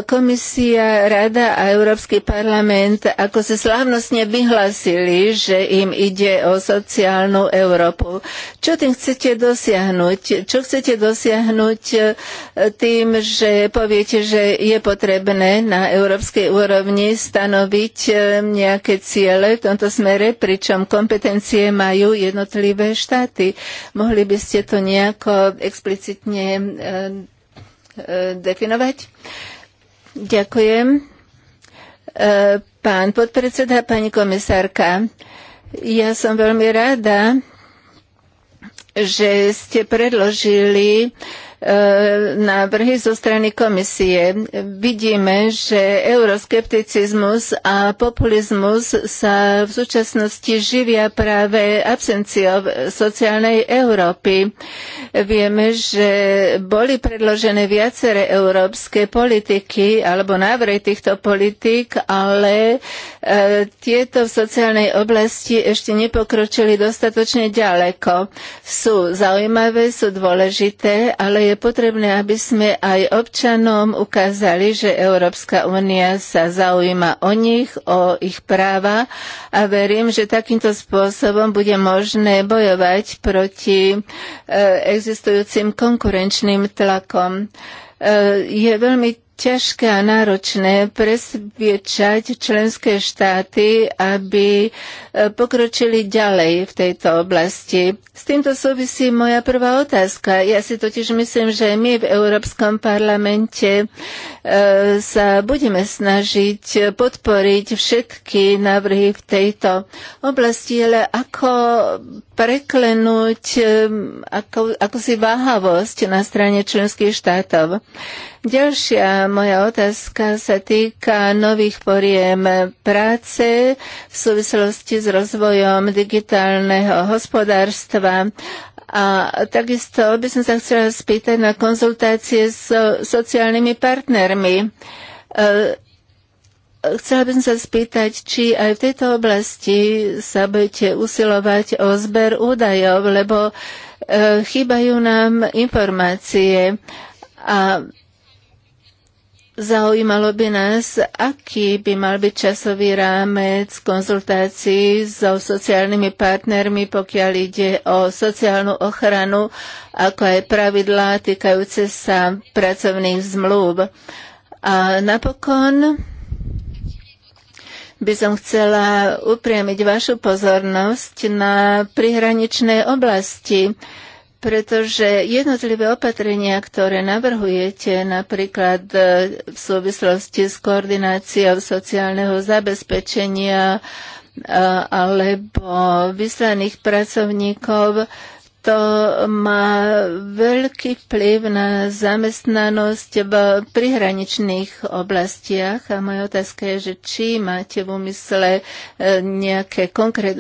komisia, rada a Európsky parlament, ako sa slávnostne vyhlasili, že im ide o sociálnu Európu. Čo tým chcete dosiahnuť? Čo chcete dosiahnuť e, tým, že poviete, že je potrebné na európskej úrovni stanoviť e, nejaké ciele v tomto smere, pričom kompetencie majú jednotlivé štáty? Mohli by ste to nejako explicitne e, e, definovať? Ďakujem. E, pán podpredseda, pani komisárka, ja som veľmi rada, že ste predložili uh, E, návrhy zo strany komisie. Vidíme, že euroskepticizmus a populizmus sa v súčasnosti živia práve absenciou sociálnej Európy. Vieme, že boli predložené viaceré európske politiky alebo návrhy týchto politik, ale E, tieto v sociálnej oblasti ešte nepokročili dostatočne ďaleko. Sú zaujímavé, sú dôležité, ale je potrebné, aby sme aj občanom ukázali, že Európska únia sa zaujíma o nich, o ich práva a verím, že takýmto spôsobom bude možné bojovať proti e, existujúcim konkurenčným tlakom. E, je veľmi ťažké a náročné presviečať členské štáty, aby pokročili ďalej v tejto oblasti. S týmto súvisí moja prvá otázka. Ja si totiž myslím, že my v Európskom parlamente e, sa budeme snažiť podporiť všetky návrhy v tejto oblasti, ale ako preklenúť e, ako, ako si váhavosť na strane členských štátov. Ďalšia moja otázka sa týka nových poriem práce v súvislosti s rozvojom digitálneho hospodárstva a takisto by som sa chcela spýtať na konzultácie s sociálnymi partnermi. E, chcela by som sa spýtať, či aj v tejto oblasti sa budete usilovať o zber údajov, lebo e, chýbajú nám informácie a Zaujímalo by nás, aký by mal byť časový rámec konzultácií so sociálnymi partnermi, pokiaľ ide o sociálnu ochranu, ako aj pravidlá týkajúce sa pracovných zmluv. A napokon by som chcela upriamiť vašu pozornosť na prihraničné oblasti pretože jednotlivé opatrenia, ktoré navrhujete napríklad e, v súvislosti s koordináciou sociálneho zabezpečenia e, alebo vyslaných pracovníkov, to má veľký vplyv na zamestnanosť v prihraničných oblastiach a moja otázka je, že či máte v úmysle e, nejaké konkrét,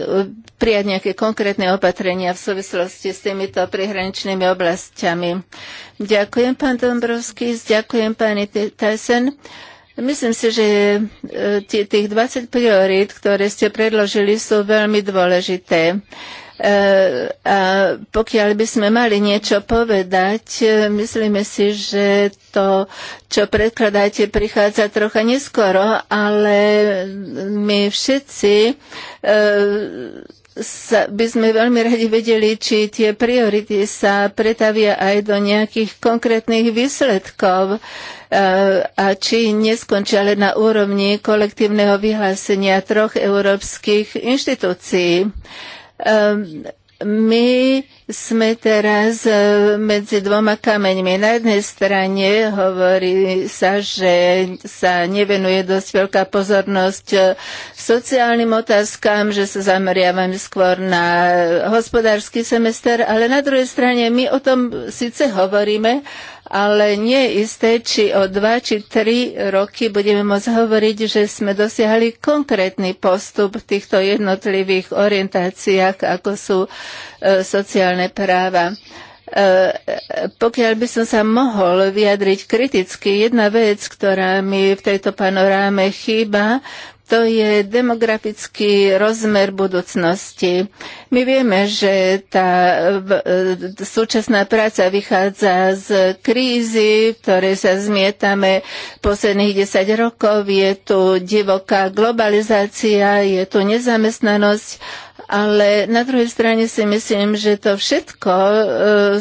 prijať nejaké konkrétne opatrenia v súvislosti s týmito prihraničnými oblastiami. Ďakujem, pán Dombrovský, ďakujem, pani Tyson. Myslím si, že e, tých 20 priorít, ktoré ste predložili, sú veľmi dôležité. E, a pokiaľ by sme mali niečo povedať, e, myslíme si, že to, čo predkladáte, prichádza trocha neskoro, ale my všetci e, sa, by sme veľmi radi vedeli, či tie priority sa pretavia aj do nejakých konkrétnych výsledkov a či neskončia len na úrovni kolektívneho vyhlásenia troch európskych inštitúcií. Ehm, my sme teraz e, medzi dvoma kameňmi. Na jednej strane hovorí sa, že sa nevenuje dosť veľká pozornosť e, sociálnym otázkam, že sa zameriavame skôr na e, hospodársky semester, ale na druhej strane my o tom síce hovoríme, ale nie je isté, či o dva či tri roky budeme môcť hovoriť, že sme dosiahli konkrétny postup v týchto jednotlivých orientáciách, ako sú e, sociálne práva. E, pokiaľ by som sa mohol vyjadriť kriticky, jedna vec, ktorá mi v tejto panoráme chýba, to je demografický rozmer budúcnosti. My vieme, že tá e, súčasná práca vychádza z krízy, v ktorej sa zmietame posledných 10 rokov. Je tu divoká globalizácia, je tu nezamestnanosť ale na druhej strane si myslím, že to všetko e,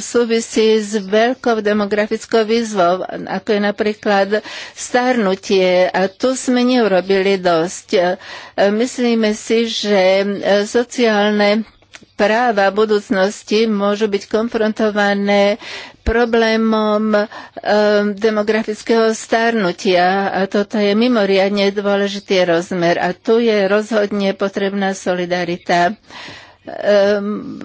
súvisí s veľkou demografickou výzvou, ako je napríklad starnutie. A tu sme neurobili dosť. E, myslíme si, že e, sociálne práva budúcnosti môžu byť konfrontované problémom um, demografického starnutia a toto je mimoriadne dôležitý rozmer a tu je rozhodne potrebná solidarita. Um,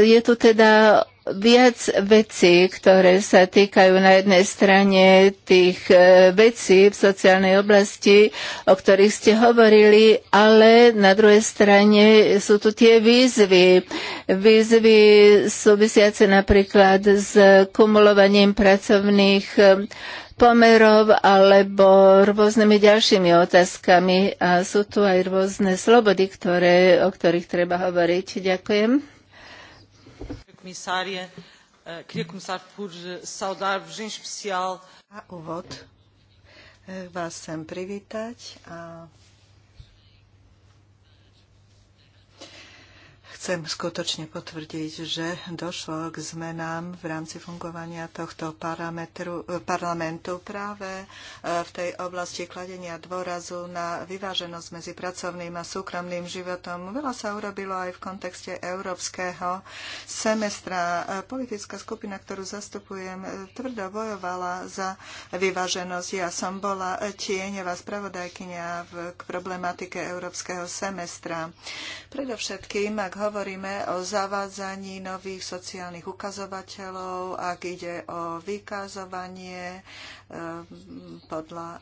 je tu teda viac vecí, ktoré sa týkajú na jednej strane tých e, vecí v sociálnej oblasti, o ktorých ste hovorili, ale na druhej strane sú tu tie výzvy. Výzvy súvisiace napríklad s kumulovaním pracovných e, pomerov alebo rôznymi ďalšími otázkami. A sú tu aj rôzne slobody, ktoré, o ktorých treba hovoriť. Ďakujem. Comissária, e, eh, queria começar por eh, saudar-vos em especial. A úvod eh, vás sem privítať a Chcem skutočne potvrdiť, že došlo k zmenám v rámci fungovania tohto eh, parlamentu práve eh, v tej oblasti kladenia dôrazu na vyváženosť medzi pracovným a súkromným životom. Veľa sa urobilo aj v kontexte európskeho semestra. Eh, politická skupina, ktorú zastupujem, tvrdo bojovala za vyváženosť. Ja som bola tieňová spravodajkynia k problematike európskeho semestra. Predovšetkým, ak hovoríme o zavádzaní nových sociálnych ukazovateľov, ak ide o vykazovanie ehm, podľa ehm,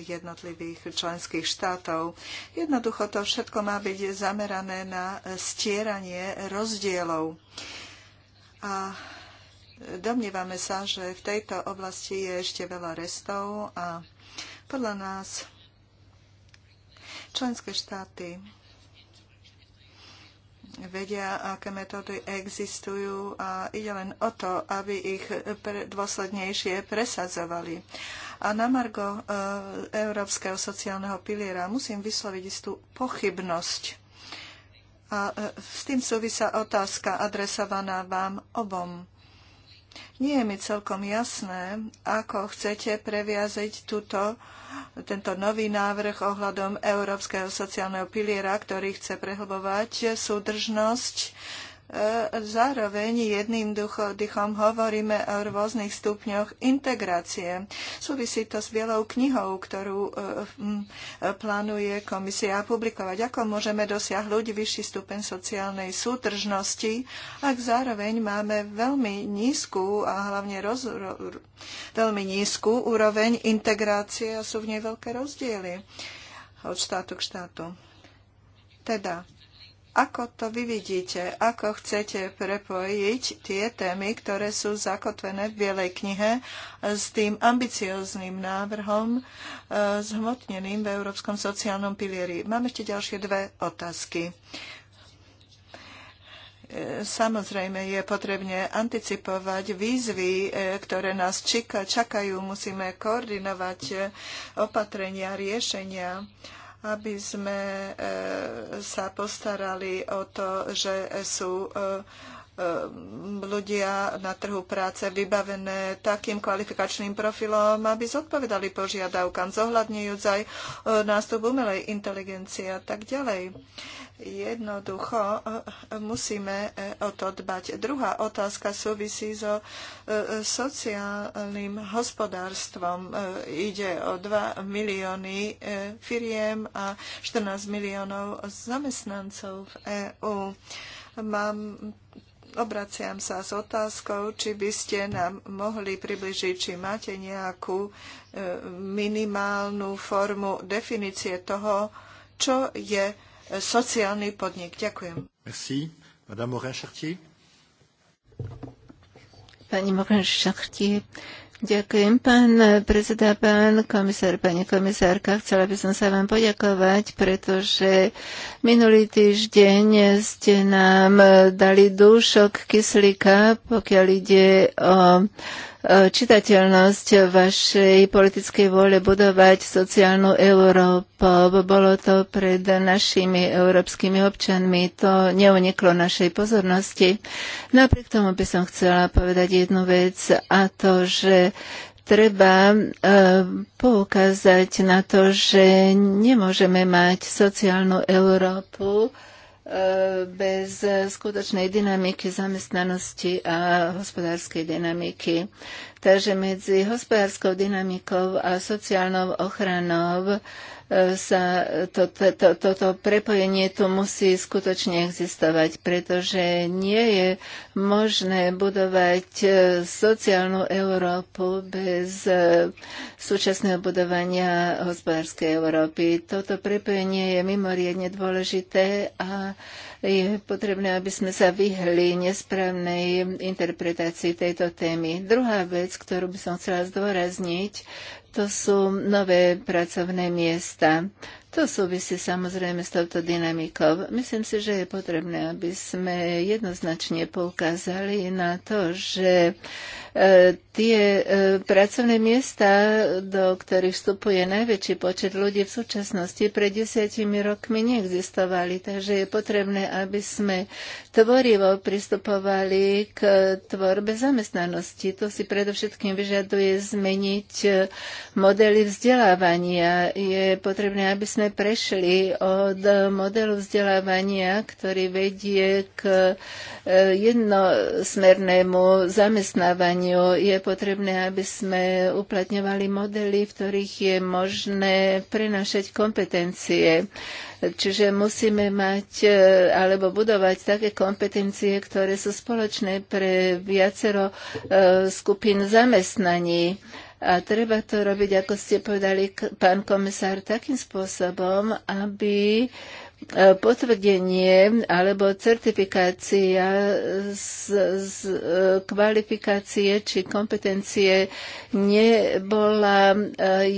jednotlivých členských štátov. Jednoducho to všetko má byť zamerané na stieranie rozdielov. A domnievame sa, že v tejto oblasti je ešte veľa restov a podľa nás členské štáty vedia, aké metódy existujú a ide len o to, aby ich pre, dôslednejšie presadzovali. A na margo e, Európskeho sociálneho piliera musím vysloviť istú pochybnosť. A e, s tým súvisa otázka adresovaná vám obom. Nie je mi celkom jasné, ako chcete previazať túto, tento nový návrh ohľadom Európskeho sociálneho piliera, ktorý chce prehlbovať súdržnosť E, zároveň jedným dychom hovoríme o rôznych stupňoch integrácie. Súvisí to s bielou knihou, ktorú e, plánuje komisia publikovať. Ako môžeme dosiahnuť vyšší stupeň sociálnej súdržnosti, ak zároveň máme veľmi nízku a hlavne roz, ro, veľmi nízku úroveň integrácie a sú v nej veľké rozdiely od štátu k štátu. Teda ako to vy vidíte? Ako chcete prepojiť tie témy, ktoré sú zakotvené v Bielej knihe s tým ambicióznym návrhom e, zhmotneným v Európskom sociálnom pilieri? Mám ešte ďalšie dve otázky. E, samozrejme je potrebné anticipovať výzvy, e, ktoré nás čakajú. Musíme koordinovať opatrenia, riešenia aby sme e, sa postarali o to, že sú e, E, ľudia na trhu práce vybavené takým kvalifikačným profilom, aby zodpovedali požiadavkám, zohľadňujúc aj e, nástup umelej inteligencie a tak ďalej. Jednoducho e, musíme o to dbať. Druhá otázka súvisí so sociálnym hospodárstvom. Ide o 2 milióny firiem a 14 miliónov zamestnancov v EÚ. Mám Obraciam sa s otázkou, či by ste nám mohli približiť, či máte nejakú e, minimálnu formu definície toho, čo je e, sociálny podnik. Ďakujem. Merci. Madame Morin-Chartier. Pani Morin-Chartier, Ďakujem, pán predseda, pán komisár, pani komisárka. Chcela by som sa vám poďakovať, pretože minulý týždeň ste nám dali dušok kyslíka, pokiaľ ide o E, čitateľnosť vašej politickej vôle budovať sociálnu Európu. Bolo to pred našimi európskymi občanmi. To neuniklo našej pozornosti. Napriek no tomu by som chcela povedať jednu vec a to, že treba e, poukázať na to, že nemôžeme mať sociálnu Európu, E, bez skutočnej dynamiky zamestnanosti a hospodárskej dynamiky. Takže medzi hospodárskou dynamikou a sociálnou ochranou sa to, to, to, toto prepojenie tu musí skutočne existovať, pretože nie je možné budovať e, sociálnu Európu bez e, súčasného budovania hospodárskej Európy. Toto prepojenie je mimoriadne dôležité a je potrebné, aby sme sa vyhli nesprávnej interpretácii tejto témy. Druhá vec, ktorú by som chcela zdôrazniť, to sú nové pracovné miesta. To súvisí samozrejme s touto dynamikou. Myslím si, že je potrebné, aby sme jednoznačne poukázali na to, že e, tie e, pracovné miesta, do ktorých vstupuje najväčší počet ľudí v súčasnosti, pred desiatimi rokmi neexistovali. Takže je potrebné, aby sme tvorivo pristupovali k tvorbe zamestnanosti. To si predovšetkým vyžaduje zmeniť modely vzdelávania. Je potrebné, aby sme sme prešli od modelu vzdelávania, ktorý vedie k e, jednosmernému zamestnávaniu. Je potrebné, aby sme uplatňovali modely, v ktorých je možné prenašať kompetencie. Čiže musíme mať e, alebo budovať také kompetencie, ktoré sú spoločné pre viacero e, skupín zamestnaní a treba to robiť, ako ste povedali, pán komisár, takým spôsobom, aby uh, potvrdenie alebo certifikácia z, z e, kvalifikácie či kompetencie nebola e,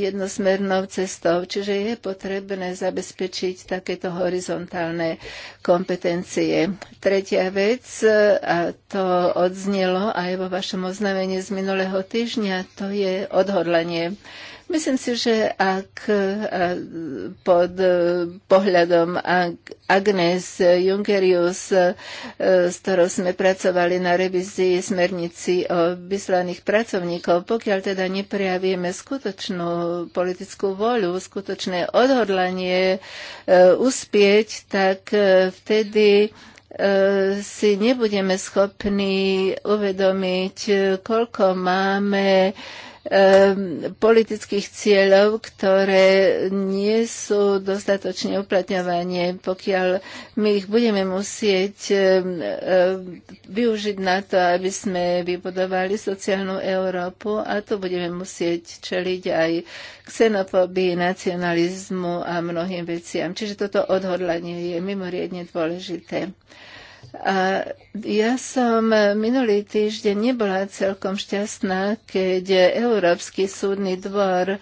jednosmernou cestou. Čiže je potrebné zabezpečiť takéto horizontálne kompetencie. Tretia vec, e, a to odznelo aj vo vašom oznámení z minulého týždňa, to je odhodlanie. Myslím si, že ak e, pod e, pohľadom Agnes Jungerius, e, s ktorou sme pracovali na revizii smernici o vyslaných pracovníkov, pokiaľ teda neprejavíme skutočnú politickú voľu, skutočné odhodlanie uspieť, tak vtedy si nebudeme schopní uvedomiť, koľko máme politických cieľov, ktoré nie sú dostatočne uplatňovanie, pokiaľ my ich budeme musieť využiť na to, aby sme vybudovali sociálnu Európu a to budeme musieť čeliť aj ksenofóbii, nacionalizmu a mnohým veciam. Čiže toto odhodlanie je mimoriadne dôležité. A ja som minulý týždeň nebola celkom šťastná, keď Európsky súdny dvor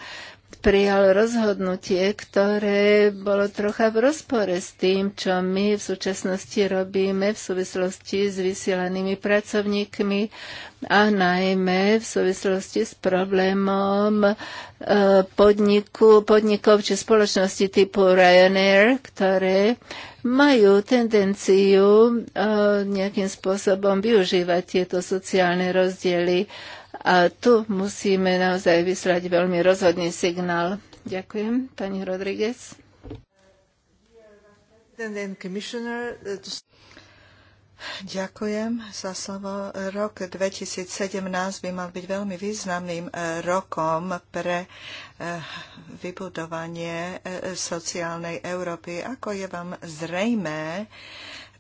prijal rozhodnutie, ktoré bolo trocha v rozpore s tým, čo my v súčasnosti robíme v súvislosti s vysielanými pracovníkmi a najmä v súvislosti s problémom e, podniku, podnikov či spoločnosti typu Ryanair, ktoré majú tendenciu e, nejakým spôsobom využívať tieto sociálne rozdiely a tu musíme naozaj vyslať veľmi rozhodný signál. Ďakujem, pani Rodriguez. Eh, Ďakujem za slovo. Eh, rok 2017 by mal byť veľmi významným eh, rokom pre vybudovanie sociálnej Európy. Ako je vám zrejmé,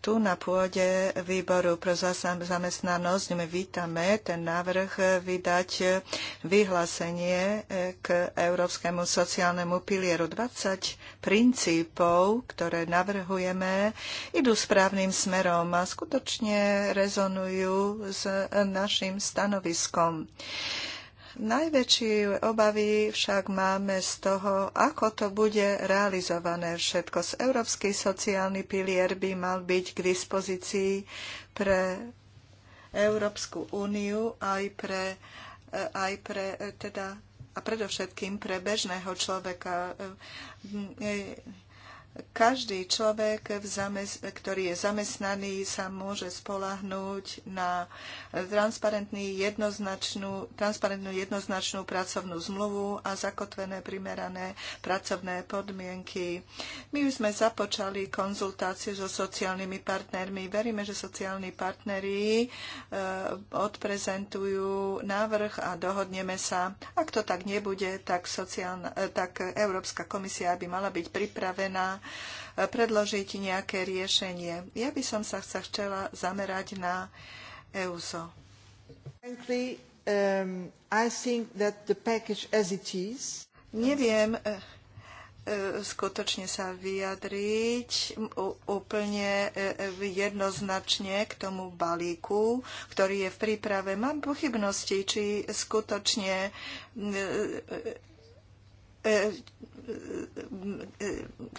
tu na pôde výboru pro zamestnanosť my vítame ten návrh vydať vyhlásenie e, k Európskemu sociálnemu pilieru. 20 princípov, ktoré navrhujeme, idú správnym smerom a skutočne rezonujú s našim stanoviskom. Najväčšie obavy však máme z toho, ako to bude realizované všetko. Z Európsky sociálny pilier by mal byť k dispozícii pre Európsku úniu aj pre, eh, aj pre eh, teda, a predovšetkým pre bežného človeka eh, každý človek, ktorý je zamestnaný, sa môže spolahnúť na jednoznačnú, transparentnú jednoznačnú pracovnú zmluvu a zakotvené primerané pracovné podmienky. My už sme započali konzultácie so sociálnymi partnermi. Veríme, že sociálni partneri eh, odprezentujú návrh a dohodneme sa. Ak to tak nebude, tak, sociálna, eh, tak Európska komisia by mala byť pripravená predložiť nejaké riešenie. Ja by som sa chcela zamerať na EUSO. Um, Neviem, e, e, skutočne sa vyjadriť úplne e, jednoznačne k tomu balíku, ktorý je v príprave. Mám pochybnosti, či skutočne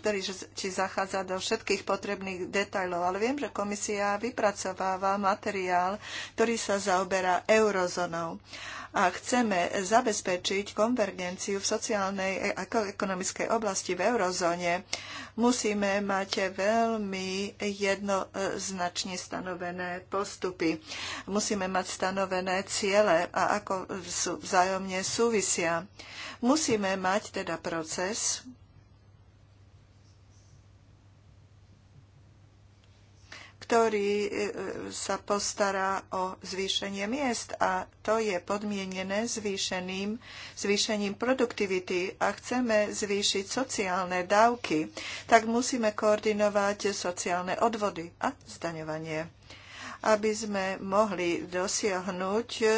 ktorý či zachádza do všetkých potrebných detajlov, ale viem, že komisia vypracováva materiál, ktorý sa zaoberá eurozónou a chceme zabezpečiť konvergenciu v sociálnej a ekonomickej oblasti v eurozóne, musíme mať veľmi jednoznačne stanovené postupy. Musíme mať stanovené ciele a ako vzájomne súvisia. Musíme mať teda proces, ktorý e, e, sa postará o zvýšenie miest a to je podmienené zvýšeným, zvýšením produktivity a chceme zvýšiť sociálne dávky, tak musíme koordinovať sociálne odvody a zdaňovanie, aby sme mohli dosiahnuť e,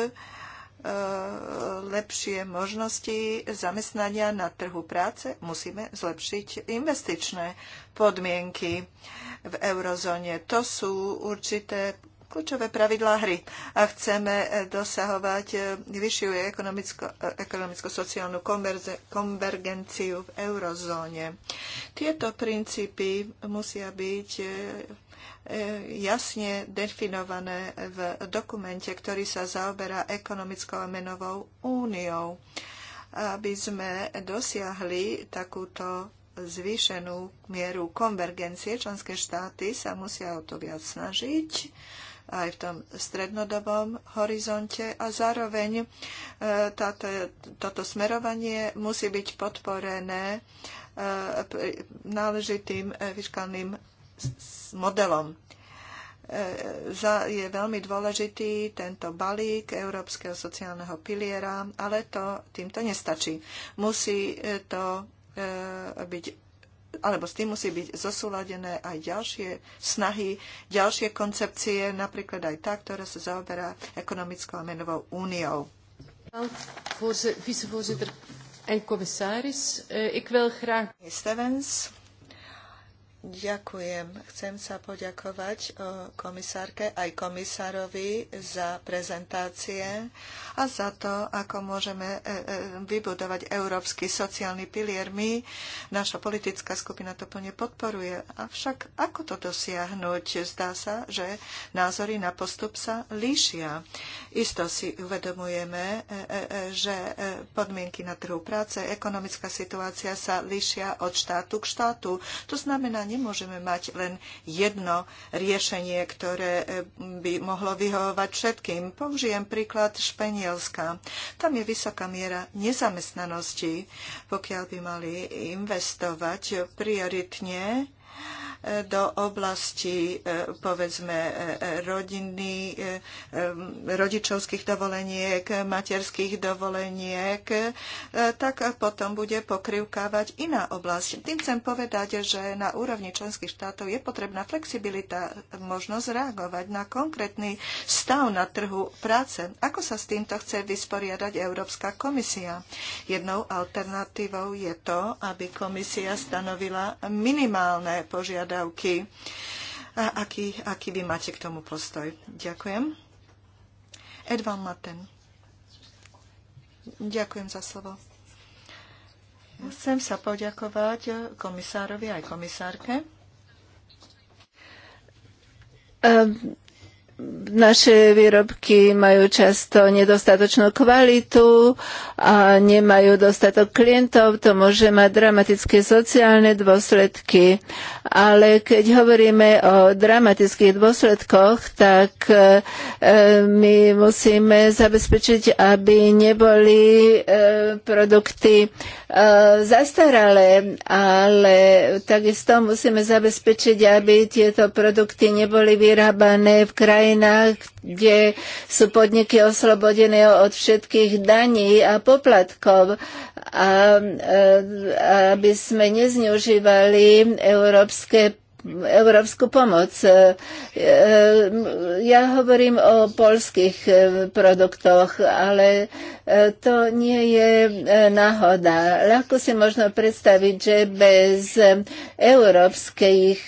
lepšie možnosti zamestnania na trhu práce, musíme zlepšiť investičné podmienky v eurozóne. To sú určité kľúčové pravidlá hry a chceme eh, dosahovať eh, vyššiu eh, ekonomicko-sociálnu ekonomicko konvergenciu v eurozóne. Tieto princípy musia byť jasne definované v dokumente, ktorý sa zaoberá ekonomickou a menovou úniou aby sme dosiahli takúto zvýšenú mieru konvergencie. Členské štáty sa musia o to viac snažiť aj v tom strednodobom horizonte a zároveň e, táto, toto smerovanie musí byť podporené e, náležitým e, fiskálnym modelom. Je veľmi dôležitý tento balík Európskeho sociálneho piliera, ale to týmto nestačí. Musí to E, byť alebo s tým musí byť zosúladené aj ďalšie snahy, ďalšie koncepcie, napríklad aj tá, ktorá sa zaoberá ekonomickou a menovou úniou. Voorzitter en commissaris, eh, ik wil graag... Stevens. Ďakujem. Chcem sa poďakovať komisárke aj komisárovi za prezentácie a za to, ako môžeme e, e, vybudovať európsky sociálny pilier. My, naša politická skupina to plne podporuje. Avšak ako to dosiahnuť? Zdá sa, že názory na postup sa líšia. Isto si uvedomujeme, e, že podmienky na trhu práce, ekonomická situácia sa líšia od štátu k štátu. To znamená nemôžeme mať len jedno riešenie, ktoré eh, by mohlo vyhovovať všetkým. Použijem príklad Španielska. Tam je vysoká miera nezamestnanosti. Pokiaľ by mali investovať prioritne do oblasti, e, povedzme, e, rodiny, e, rodičovských dovoleniek, materských dovoleniek, tak potom bude pokrivkávať iná oblasť. Tým chcem povedať, že na úrovni členských štátov je potrebná flexibilita, možnosť reagovať na konkrétny stav na trhu práce. Ako sa s týmto chce vysporiadať Európska komisia? Jednou alternatívou je to, aby komisia stanovila minimálne požiadavky požiadavky. A aký, aký vy máte k tomu postoj? Ďakujem. Edvan Maten. Ďakujem za slovo. Chcem sa poďakovať komisárovi aj komisárke. Um, naše výrobky majú často nedostatočnú kvalitu a nemajú dostatok klientov, to môže mať dramatické sociálne dôsledky. Ale keď hovoríme o dramatických dôsledkoch, tak e, my musíme zabezpečiť, aby neboli e, produkty e, zastaralé, ale takisto musíme zabezpečiť, aby tieto produkty neboli vyrábané v krajine, krajinách, kde sú podniky oslobodené od všetkých daní a poplatkov. A e, aby sme nezneužívali európske európsku pomoc. E, ja hovorím o polských e, produktoch, ale to nie je náhoda. Ľahko si možno predstaviť, že bez európskych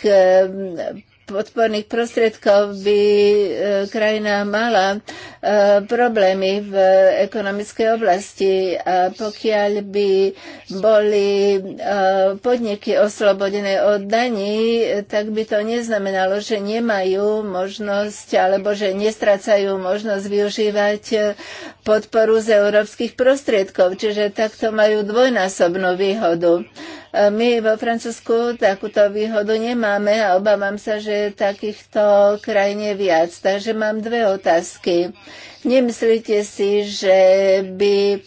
podporných prostriedkov by e, krajina mala e, problémy v ekonomickej oblasti a pokiaľ by boli e, podniky oslobodené od daní, tak by to neznamenalo, že nemajú možnosť alebo že nestracajú možnosť využívať podporu z európskych prostriedkov, čiže takto majú dvojnásobnú výhodu. My vo Francúzsku takúto výhodu nemáme a obávam sa, že takýchto krajín je viac. Takže mám dve otázky. Nemyslíte si, že by e,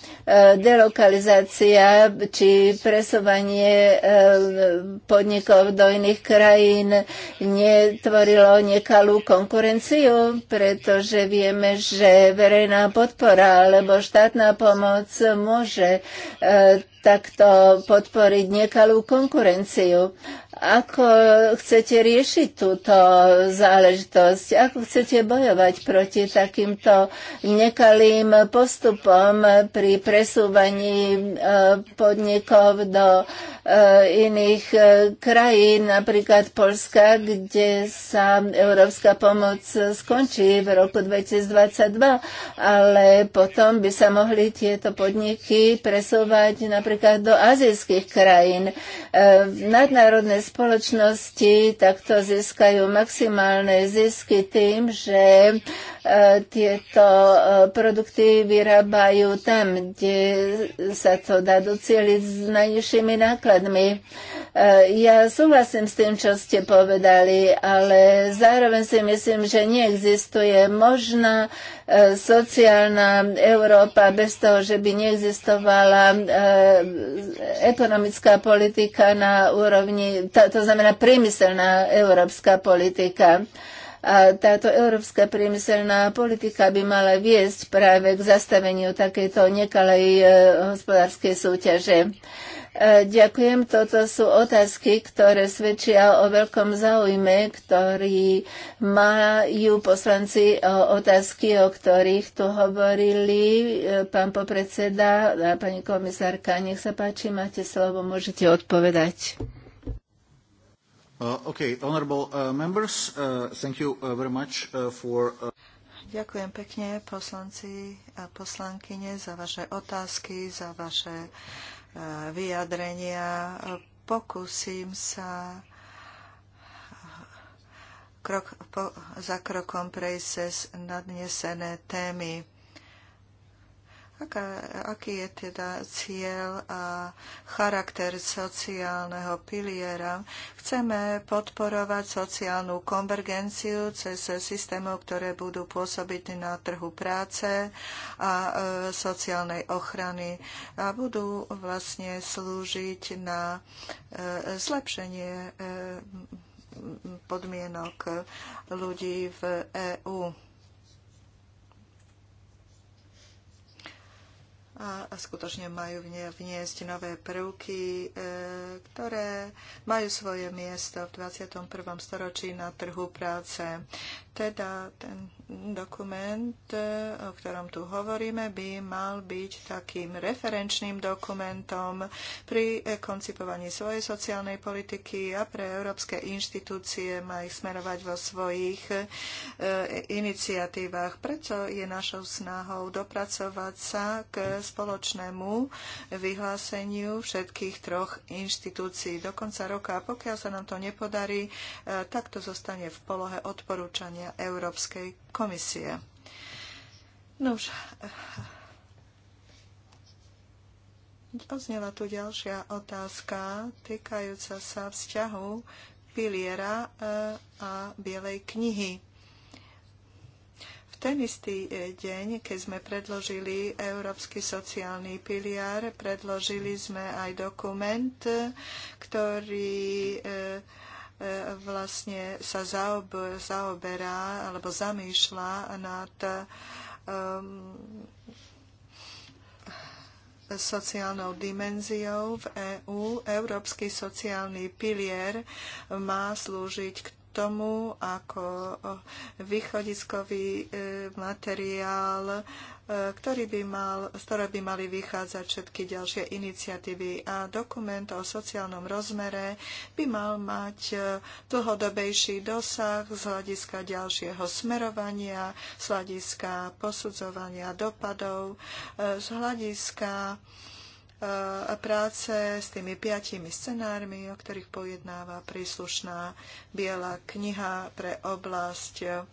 delokalizácia či presovanie e, podnikov do iných krajín netvorilo nekalú konkurenciu, pretože vieme, že verejná podpora alebo štátna pomoc môže e, takto podporiť nekalú konkurenciu. Ako chcete riešiť túto záležitosť? Ako chcete bojovať proti takýmto nekalým postupom pri presúvaní e, podnikov do e, iných e, krajín, napríklad Polska, kde sa európska pomoc skončí v roku 2022, ale potom by sa mohli tieto podniky presúvať napríklad do azijských krajín. Nadnárodné spoločnosti takto získajú maximálne zisky tým, že e, tieto e, produkty vyrábajú tam, kde sa to dá docieliť s najnižšími nákladmi. E, ja súhlasím s tým, čo ste povedali, ale zároveň si myslím, že neexistuje možná E, sociálna Európa bez toho, že by neexistovala e, ekonomická politika na úrovni, to znamená priemyselná európska politika. A táto európska priemyselná politika by mala viesť práve k zastaveniu takejto nekalej e, hospodárskej súťaže. E, ďakujem. Toto sú otázky, ktoré svedčia o veľkom záujme, ktorý majú poslanci o otázky, o ktorých tu hovorili e, pán popredseda a pani komisárka. Nech sa páči, máte slovo, môžete odpovedať. Uh, okay, honorable uh, members, uh, thank you uh, very much uh, for uh... Ďakujem pekne poslanci a poslankyne za vaše otázky, za vaše vyjadrenia. Pokúsim sa krok po, za krokom prejsť cez nadnesené témy. Aká, aký je teda cieľ a charakter sociálneho piliera? Chceme podporovať sociálnu konvergenciu cez systémov, ktoré budú pôsobiť na trhu práce a e, sociálnej ochrany a budú vlastne slúžiť na e, zlepšenie e, podmienok ľudí v EÚ a, a skutočne majú vniesť nové prvky, e, ktoré majú svoje miesto v 21. storočí na trhu práce. Teda ten dokument, e, o ktorom tu hovoríme, by mal byť takým referenčným dokumentom pri koncipovaní svojej sociálnej politiky a pre európske inštitúcie má ich smerovať vo svojich e, iniciatívach. Preto je našou snahou dopracovať sa k spoločnému vyhláseniu všetkých troch inštitúcií do konca roka. Pokiaľ sa nám to nepodarí, e, tak to zostane v polohe odporúčania Európskej komisie komisie. Nož. Eh, Oznela tu ďalšia otázka týkajúca sa vzťahu piliera eh, a bielej knihy. V ten istý eh, deň, keď sme predložili Európsky sociálny piliar, predložili sme aj dokument, ktorý e, E, vlastne sa zaoberá alebo zamýšľa nad um, sociálnou dimenziou v EÚ. Európsky sociálny pilier má slúžiť k tomu ako e, východiskový materiál ktorý by mal, z ktoré by mali vychádzať všetky ďalšie iniciatívy. A dokument o sociálnom rozmere by mal mať e, dlhodobejší dosah z hľadiska ďalšieho smerovania, z hľadiska posudzovania dopadov, e, z hľadiska e, práce s tými piatimi scenármi, o ktorých pojednáva príslušná biela kniha pre oblasť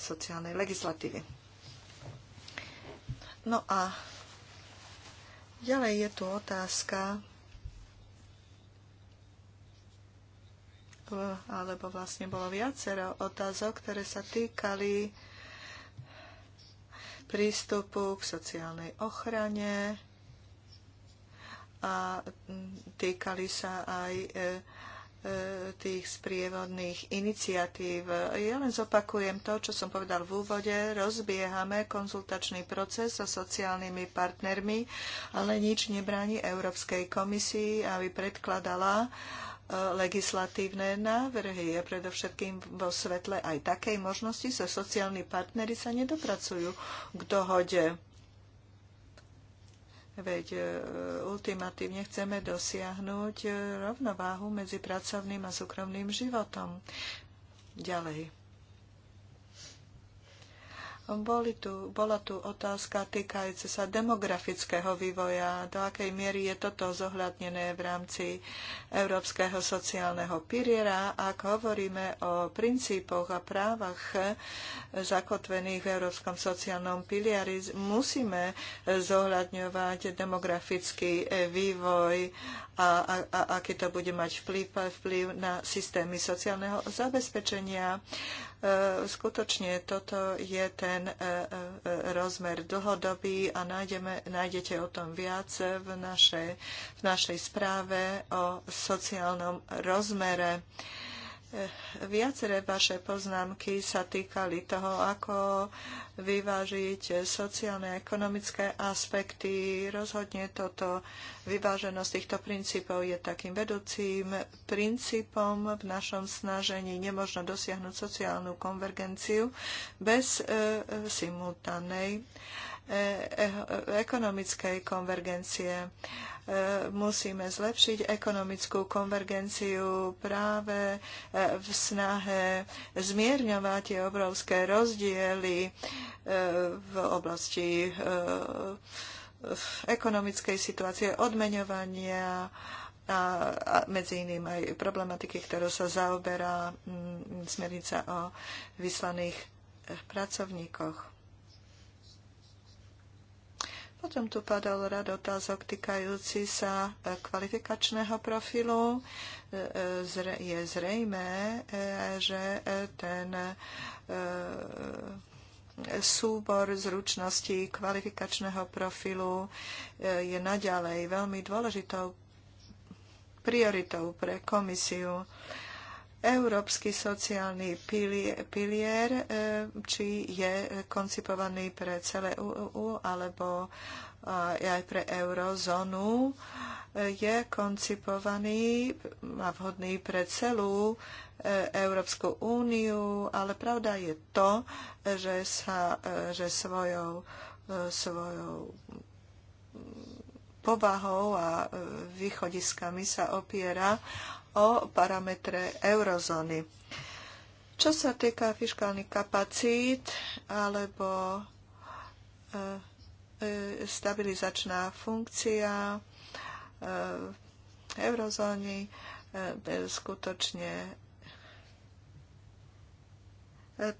sociálnej legislatívy. No a ďalej je tu otázka, eh, alebo vlastne bolo viacero otázok, ktoré sa týkali prístupu k sociálnej ochrane a týkali sa aj e, E, tých sprievodných iniciatív. Ja len zopakujem to, čo som povedal v úvode. Rozbiehame konzultačný proces so sociálnymi partnermi, ale nič nebráni Európskej komisii, aby predkladala e, legislatívne návrhy. A predovšetkým vo svetle aj takej možnosti sa sociálni partnery sa nedopracujú k dohode Veď e, ultimatívne chceme dosiahnuť e, rovnováhu medzi pracovným a súkromným životom. Ďalej boli tu, bola tu otázka týkajúca sa demografického vývoja, do akej miery je toto zohľadnené v rámci Európskeho sociálneho piliera. Ak hovoríme o princípoch a právach zakotvených v Európskom sociálnom pilieri, musíme zohľadňovať demografický vývoj a, a, a aký to bude mať vplyv, vplyv na systémy sociálneho zabezpečenia E, skutočne toto je ten e, e, rozmer dlhodobý a nájdeme, nájdete o tom viac v našej, v našej správe o sociálnom rozmere Viaceré vaše poznámky sa týkali toho, ako vyvážiť sociálne a ekonomické aspekty. Rozhodne toto vyváženosť týchto princípov je takým vedúcim princípom v našom snažení. Nemožno dosiahnuť sociálnu konvergenciu bez e, e simultánej e, E, e, ekonomickej konvergencie. E, musíme zlepšiť ekonomickú konvergenciu práve v snahe zmierňovať tie obrovské rozdiely v oblasti ekonomickej situácie, odmeňovania a, medzi iným aj problematiky, ktorou sa zaoberá smernica o vyslaných pracovníkoch. Potom tu padal rad otázok týkajúci sa e, kvalifikačného profilu. E, e, je zrejmé, že ten súbor zručností kvalifikačného profilu je naďalej veľmi dôležitou prioritou pre komisiu. Európsky sociálny pilier, e, či je koncipovaný pre celé EU alebo e, aj pre eurozónu, je koncipovaný a vhodný pre celú e, Európsku úniu, ale pravda je to, že, sa, že svojou, svojou povahou a východiskami sa opiera o parametre eurozóny. Čo sa týka fiskálnych kapacít alebo e, e, stabilizačná funkcia e, eurozóny, skutočne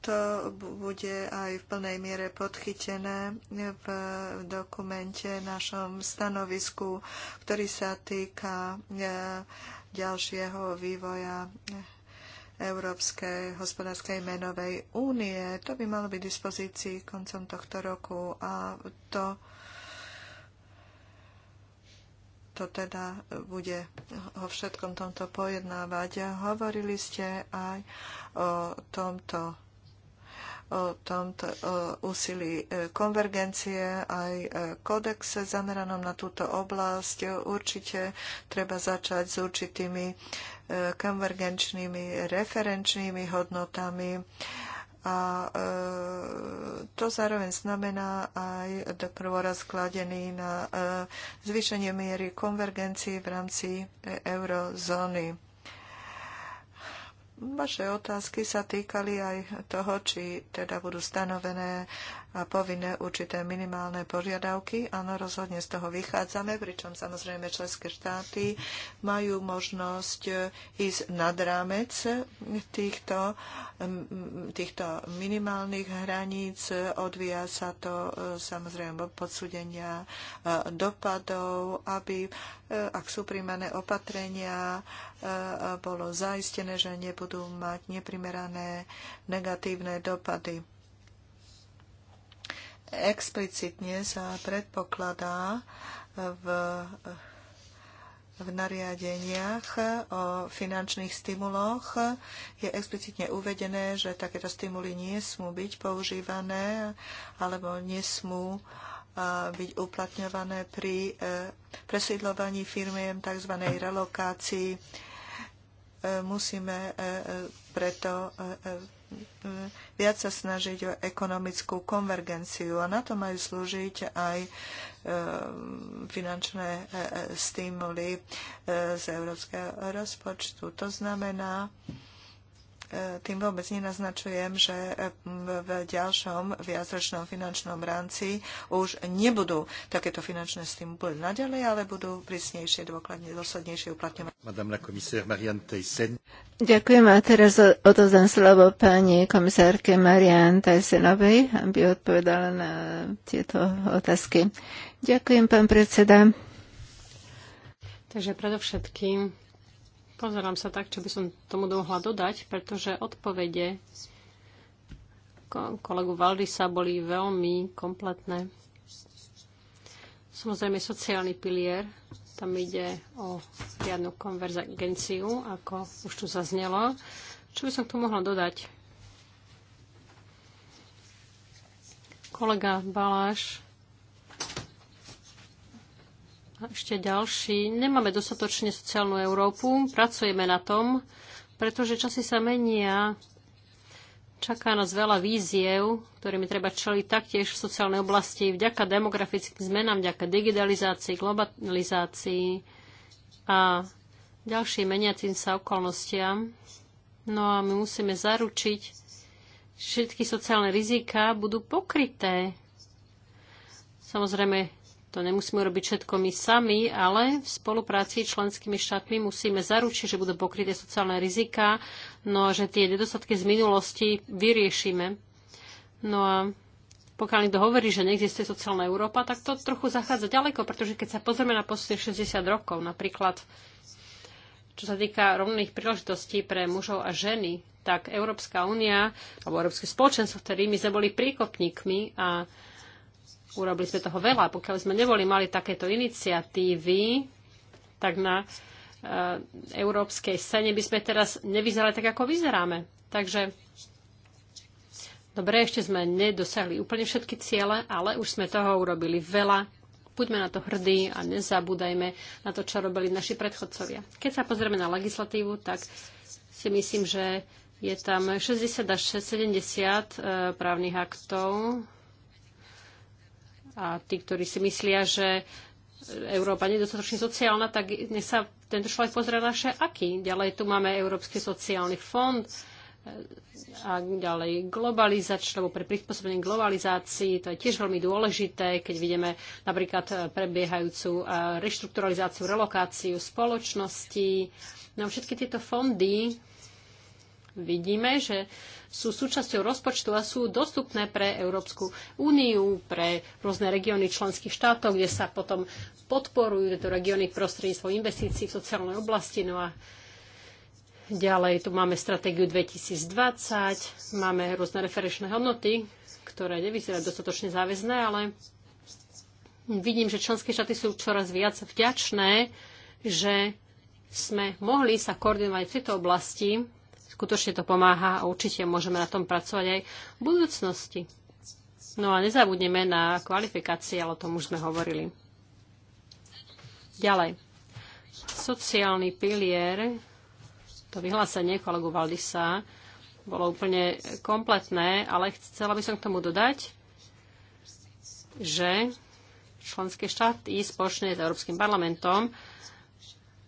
to bude aj v plnej miere podchytené v dokumente našom stanovisku, ktorý sa týka ďalšieho vývoja Európskej hospodárskej menovej únie. To by malo byť dispozícii koncom tohto roku a to, to teda bude o všetkom tomto pojednávať. Hovorili ste aj o tomto o tomto úsilí e, konvergencie, aj e, kódex zameranom na túto oblasť. Určite treba začať s určitými e, konvergenčnými referenčnými hodnotami. A to zároveň znamená aj prvoraz kladený na zvýšenie miery konvergencií v rámci eurozóny Vaše otázky sa týkali aj toho, či teda budú stanovené a povinné určité minimálne požiadavky. Áno, rozhodne z toho vychádzame, pričom samozrejme členské štáty majú možnosť ísť nad rámec týchto, týchto minimálnych hraníc. Odvíja sa to e, samozrejme podsúdenia e, dopadov, aby e, ak sú príjmané opatrenia, bolo zaistené, že nebudú mať neprimerané negatívne dopady explicitne sa predpokladá v, v nariadeniach o finančných stimuloch. Je explicitne uvedené, že takéto stimuly nie byť používané alebo nesmú byť uplatňované pri e, presídlovaní firmiem tzv. relokácii. E, musíme e, preto Mm, viac sa snažiť o ekonomickú konvergenciu a na to majú slúžiť aj e, finančné e, e, stimuly z európskeho rozpočtu. To znamená, tým vôbec nenaznačujem, že v ďalšom viacročnom finančnom rámci už nebudú takéto finančné stimuly naďalej, ale budú prísnejšie, dôkladne, dôslednejšie uplatňovať. Madame la commissaire Marianne Thyssen. Ďakujem a teraz odozdám slovo pani komisárke Marianne Tajsenovej, aby odpovedala na tieto otázky. Ďakujem, pán predseda. Takže predovšetkým Pozerám sa tak, čo by som tomu dohla dodať, pretože odpovede kolegu Valdisa boli veľmi kompletné. Samozrejme, sociálny pilier, tam ide o riadnu konverzagenciu, ako už tu zaznelo. Čo by som k tomu mohla dodať? Kolega Baláš ešte ďalší. Nemáme dostatočne sociálnu Európu, pracujeme na tom, pretože časy sa menia. Čaká nás veľa víziev, ktorými treba čeliť taktiež v sociálnej oblasti vďaka demografickým zmenám, vďaka digitalizácii, globalizácii a ďalším meniacim sa okolnostiam. No a my musíme zaručiť, že všetky sociálne rizika budú pokryté. Samozrejme, to nemusíme robiť všetko my sami, ale v spolupráci s členskými štátmi musíme zaručiť, že budú pokryté sociálne rizika, no a že tie nedostatky z minulosti vyriešime. No a pokiaľ niekto hovorí, že neexistuje sociálna Európa, tak to trochu zachádza ďaleko, pretože keď sa pozrieme na posledných 60 rokov, napríklad čo sa týka rovných príležitostí pre mužov a ženy, tak Európska únia alebo Európske spoločenstvo, ktorými sme boli príkopníkmi a urobili sme toho veľa. Pokiaľ sme neboli mali takéto iniciatívy, tak na e, európskej scéne by sme teraz nevyzerali tak, ako vyzeráme. Takže dobre, ešte sme nedosiahli úplne všetky ciele, ale už sme toho urobili veľa. Buďme na to hrdí a nezabúdajme na to, čo robili naši predchodcovia. Keď sa pozrieme na legislatívu, tak si myslím, že je tam 60 až 70 e, právnych aktov a tí, ktorí si myslia, že Európa nie je dostatočne sociálna, tak dnes sa tento človek pozrie na aký. Ďalej tu máme Európsky sociálny fond a ďalej globalizač, lebo pre prispôsobenie globalizácii to je tiež veľmi dôležité, keď vidíme napríklad prebiehajúcu reštrukturalizáciu, relokáciu spoločnosti. No všetky tieto fondy vidíme, že sú súčasťou rozpočtu a sú dostupné pre Európsku úniu, pre rôzne regióny členských štátov, kde sa potom podporujú tieto regióny prostredníctvom investícií v sociálnej oblasti. No a ďalej tu máme stratégiu 2020, máme rôzne referenčné hodnoty, ktoré nevyzerajú dostatočne záväzné, ale vidím, že členské štáty sú čoraz viac vďačné, že sme mohli sa koordinovať v tejto oblasti Skutočne to pomáha a určite môžeme na tom pracovať aj v budúcnosti. No a nezabudneme na kvalifikácie, ale o tom už sme hovorili. Ďalej. Sociálny pilier, to vyhlásenie kolegu Valdisa, bolo úplne kompletné, ale chcela by som k tomu dodať, že členské štáty spoločne s Európskym parlamentom,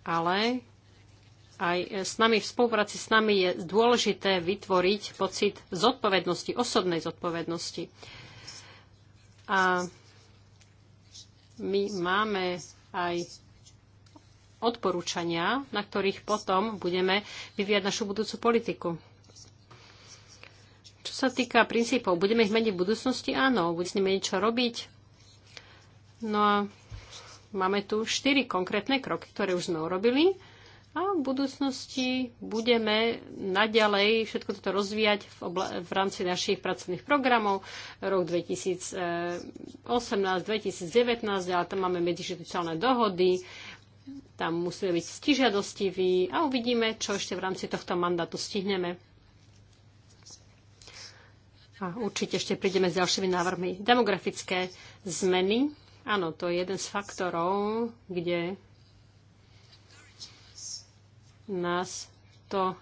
ale aj e, s nami, v spolupráci s nami je dôležité vytvoriť pocit zodpovednosti, osobnej zodpovednosti. A my máme aj odporúčania, na ktorých potom budeme vyvíjať našu budúcu politiku. Čo sa týka princípov, budeme ich meniť v budúcnosti? Áno, budeme niečo robiť. No a máme tu štyri konkrétne kroky, ktoré už sme urobili a v budúcnosti budeme naďalej všetko toto rozvíjať v, v rámci našich pracovných programov. Rok 2018, 2019, eh, ale tam máme medzištitucionálne dohody, tam musíme byť stižiadostiví a uvidíme, čo ešte v rámci tohto mandátu stihneme. A určite ešte prídeme s ďalšími návrhmi. Demografické zmeny. Áno, to je jeden z faktorov, kde nás to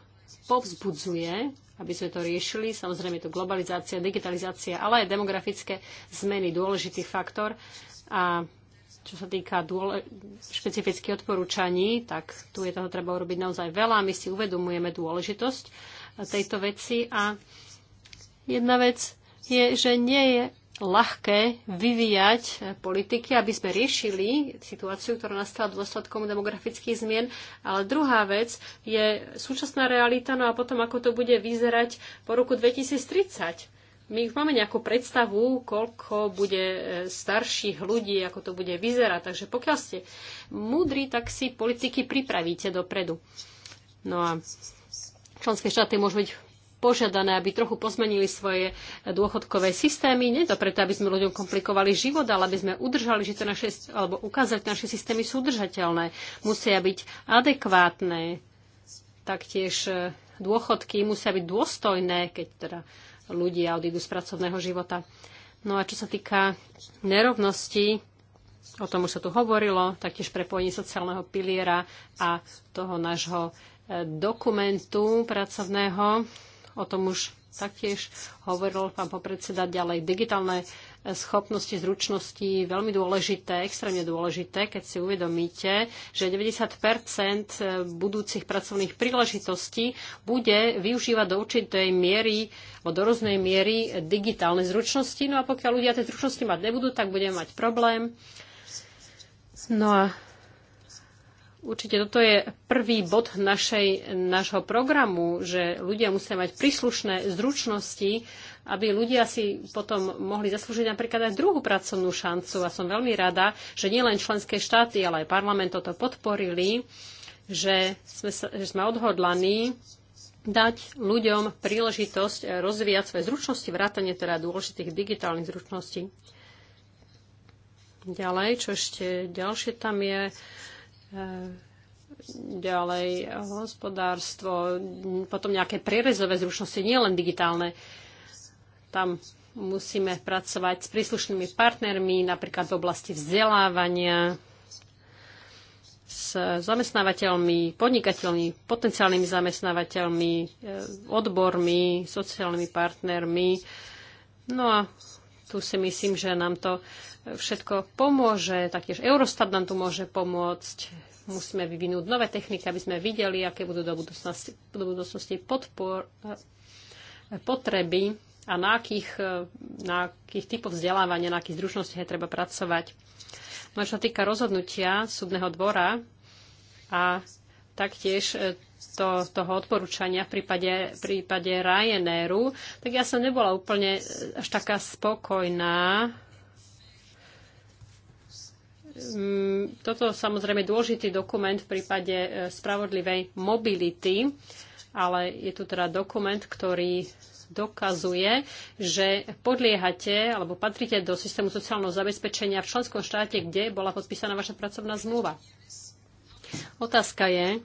povzbudzuje, aby sme to riešili. Samozrejme je to globalizácia, digitalizácia, ale aj demografické zmeny, dôležitý faktor. A čo sa týka dôle, špecifických odporúčaní, tak tu je toho treba urobiť naozaj veľa. My si uvedomujeme dôležitosť tejto veci a jedna vec je, že nie je ľahké vyvíjať eh, politiky, aby sme riešili situáciu, ktorá nastala dôsledkom demografických zmien. Ale druhá vec je súčasná realita, no a potom ako to bude vyzerať po roku 2030. My už máme nejakú predstavu, koľko bude eh, starších ľudí, ako to bude vyzerať. Takže pokiaľ ste múdri, tak si politiky pripravíte dopredu. No a členské štáty môžu byť požiadané, aby trochu pozmenili svoje dôchodkové systémy. Nie to preto, aby sme ľuďom komplikovali život, ale aby sme udržali, že to naše, alebo ukázali, že naše systémy sú udržateľné. Musia byť adekvátne. Taktiež e, dôchodky musia byť dôstojné, keď teda ľudia odídu z pracovného života. No a čo sa týka nerovnosti, o tom už sa tu hovorilo, taktiež prepojenie sociálneho piliera a toho nášho e, dokumentu pracovného o tom už taktiež hovoril pán popredseda ďalej. Digitálne e, schopnosti, zručnosti, veľmi dôležité, extrémne dôležité, keď si uvedomíte, že 90 e, budúcich pracovných príležitostí bude využívať do určitej miery, do rôznej miery digitálne zručnosti. No a pokiaľ ľudia tie zručnosti mať nebudú, tak budeme mať problém. No a Určite toto je prvý bod našej, našho programu, že ľudia musia mať príslušné zručnosti, aby ľudia si potom mohli zaslúžiť napríklad aj druhú pracovnú šancu. A som veľmi rada, že nielen členské štáty, ale aj parlament toto podporili, že sme, sa, že sme odhodlaní dať ľuďom príležitosť rozvíjať svoje zručnosti, vrátane teda dôležitých digitálnych zručností. Ďalej, čo ešte ďalšie tam je, Eh, ďalej hospodárstvo, potom nejaké prierezové zručnosti, nie len digitálne. Tam musíme pracovať s príslušnými partnermi, napríklad v oblasti vzdelávania, s zamestnávateľmi, podnikateľmi, potenciálnymi zamestnávateľmi, eh, odbormi, sociálnymi partnermi. No a tu si myslím, že nám to všetko pomôže, taktiež Eurostat nám tu môže pomôcť, musíme vyvinúť nové techniky, aby sme videli, aké budú do budúcnosti, do budúcnosti podpor, potreby a na akých, na akých typoch vzdelávania, na akých zručnostiach je treba pracovať. No čo sa týka rozhodnutia súdneho dvora a taktiež e, to, toho odporúčania v prípade, v prípade Ryanairu, tak ja som nebola úplne e, až taká spokojná Mm, toto samozrejme dôležitý dokument v prípade e, spravodlivej mobility, ale je tu teda dokument, ktorý dokazuje, že podliehate alebo patrite do systému sociálneho zabezpečenia v členskom štáte, kde bola podpísaná vaša pracovná zmluva. Otázka je,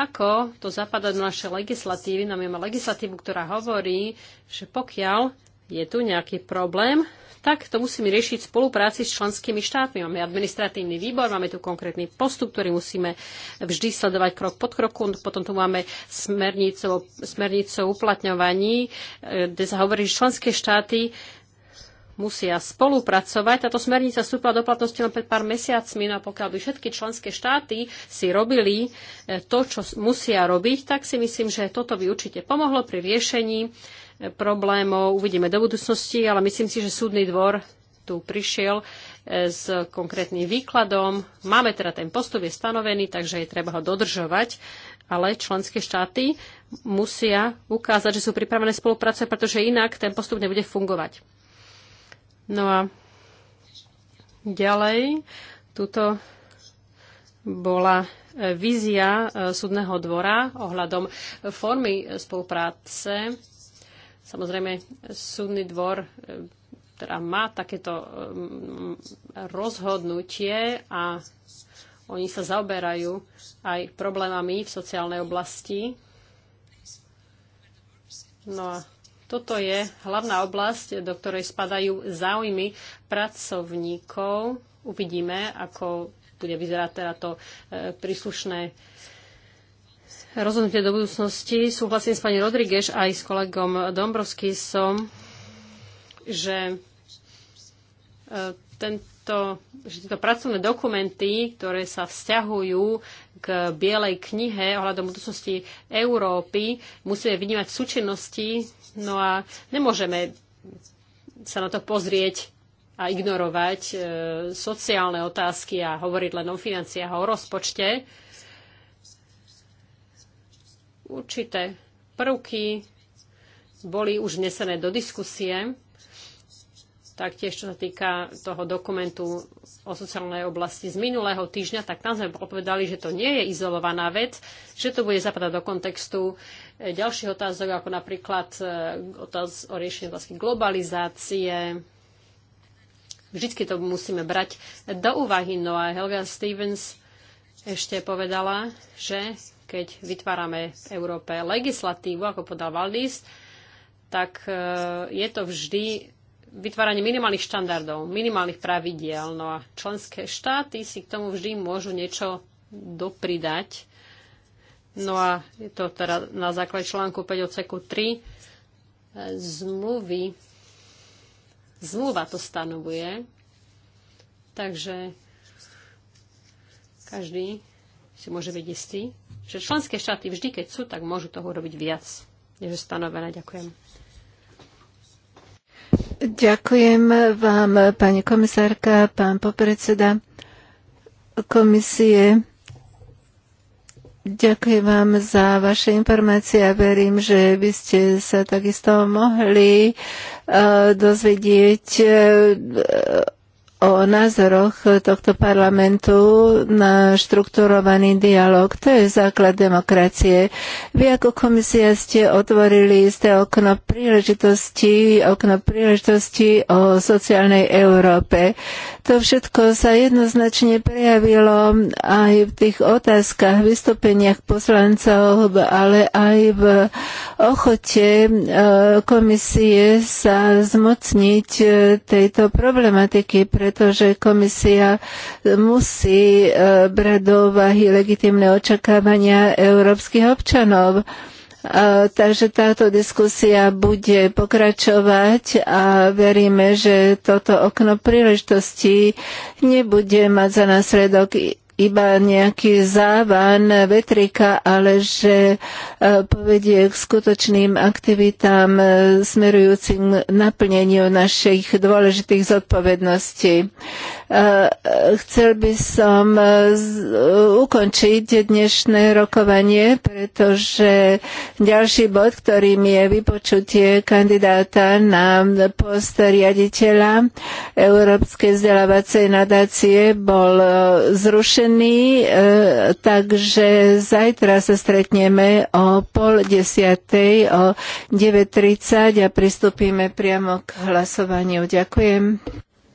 ako to zapadá do našej legislatívy. No, máme legislatívu, ktorá hovorí, že pokiaľ je tu nejaký problém, tak to musíme riešiť v spolupráci s členskými štátmi. Máme administratívny výbor, máme tu konkrétny postup, ktorý musíme vždy sledovať krok pod kroku. Potom tu máme smernicu smernicu uplatňovaní, eh, kde sa hovorí, že členské štáty musia spolupracovať. Táto smernica vstúpila do platnosti len pred pár mesiacmi, no a pokiaľ by všetky členské štáty si robili eh, to, čo musia robiť, tak si myslím, že toto by určite pomohlo pri riešení problémov uvidíme do budúcnosti, ale myslím si, že súdny dvor tu prišiel e, s konkrétnym výkladom. Máme teda ten postup, je stanovený, takže je treba ho dodržovať, ale členské štáty musia ukázať, že sú pripravené spolupracovať, pretože inak ten postup nebude fungovať. No a ďalej, tuto bola e, vízia e, súdneho dvora ohľadom formy spolupráce Samozrejme, súdny dvor teda má takéto mm, rozhodnutie a oni sa zaoberajú aj problémami v sociálnej oblasti. No a toto je hlavná oblasť, do ktorej spadajú záujmy pracovníkov. Uvidíme, ako bude vyzerať teda to e, príslušné rozhodnutie do budúcnosti. Súhlasím s pani Rodriguez aj s kolegom Dombrovskisom, že e, tento, že tieto pracovné dokumenty, ktoré sa vzťahujú k Bielej knihe ohľadom budúcnosti Európy, musíme vnímať v súčinnosti, no a nemôžeme sa na to pozrieť a ignorovať e, sociálne otázky a hovoriť len o financiách a o rozpočte. E, určité prvky boli už vnesené do diskusie, taktiež čo sa týka toho dokumentu o sociálnej oblasti z minulého týždňa, tak tam sme povedali, že to nie je izolovaná vec, že to bude zapadať do kontextu eh, ďalších otázok, ako napríklad eh, otáz o riešení otázky globalizácie. Vždycky to musíme brať do úvahy. No a Helga Stevens ešte povedala, že keď vytvárame v Európe legislatívu, ako podal Valdis, tak e, je to vždy vytváranie minimálnych štandardov, minimálnych pravidiel. No a členské štáty si k tomu vždy môžu niečo dopridať. No a je to teda na základe článku 5 odseku 3 e, zmluvy. Zmluva to stanovuje. Takže každý si môže byť istý, že členské štáty vždy, keď sú, tak môžu toho robiť viac, než je stanovené. Ďakujem. Ďakujem vám, pani komisárka, pán popredseda komisie. Ďakujem vám za vaše informácie a verím, že by ste sa takisto mohli uh, dozvedieť uh, o názoroch tohto parlamentu na štrukturovaný dialog. To je základ demokracie. Vy ako komisia ste otvorili isté okno príležitosti, okno príležitosti o sociálnej Európe. To všetko sa jednoznačne prejavilo aj v tých otázkach, vystúpeniach poslancov, ale aj v ochote e, komisie sa zmocniť e, tejto problematiky, pretože komisia musí e, brať do úvahy legitimné očakávania európskych občanov. Takže táto diskusia bude pokračovať a veríme, že toto okno príležitosti nebude mať za následok iba nejaký závan vetrika, ale že e, povedie k skutočným aktivitám e, smerujúcim naplneniu našich dôležitých zodpovedností. E, chcel by som ukončiť dnešné rokovanie, pretože ďalší bod, ktorým je vypočutie kandidáta na post riaditeľa Európskej vzdelávacej nadácie, bol zrušený témy, e, takže zajtra sa stretneme o pol desiatej, o 9.30 a pristúpime priamo k hlasovaniu. Ďakujem.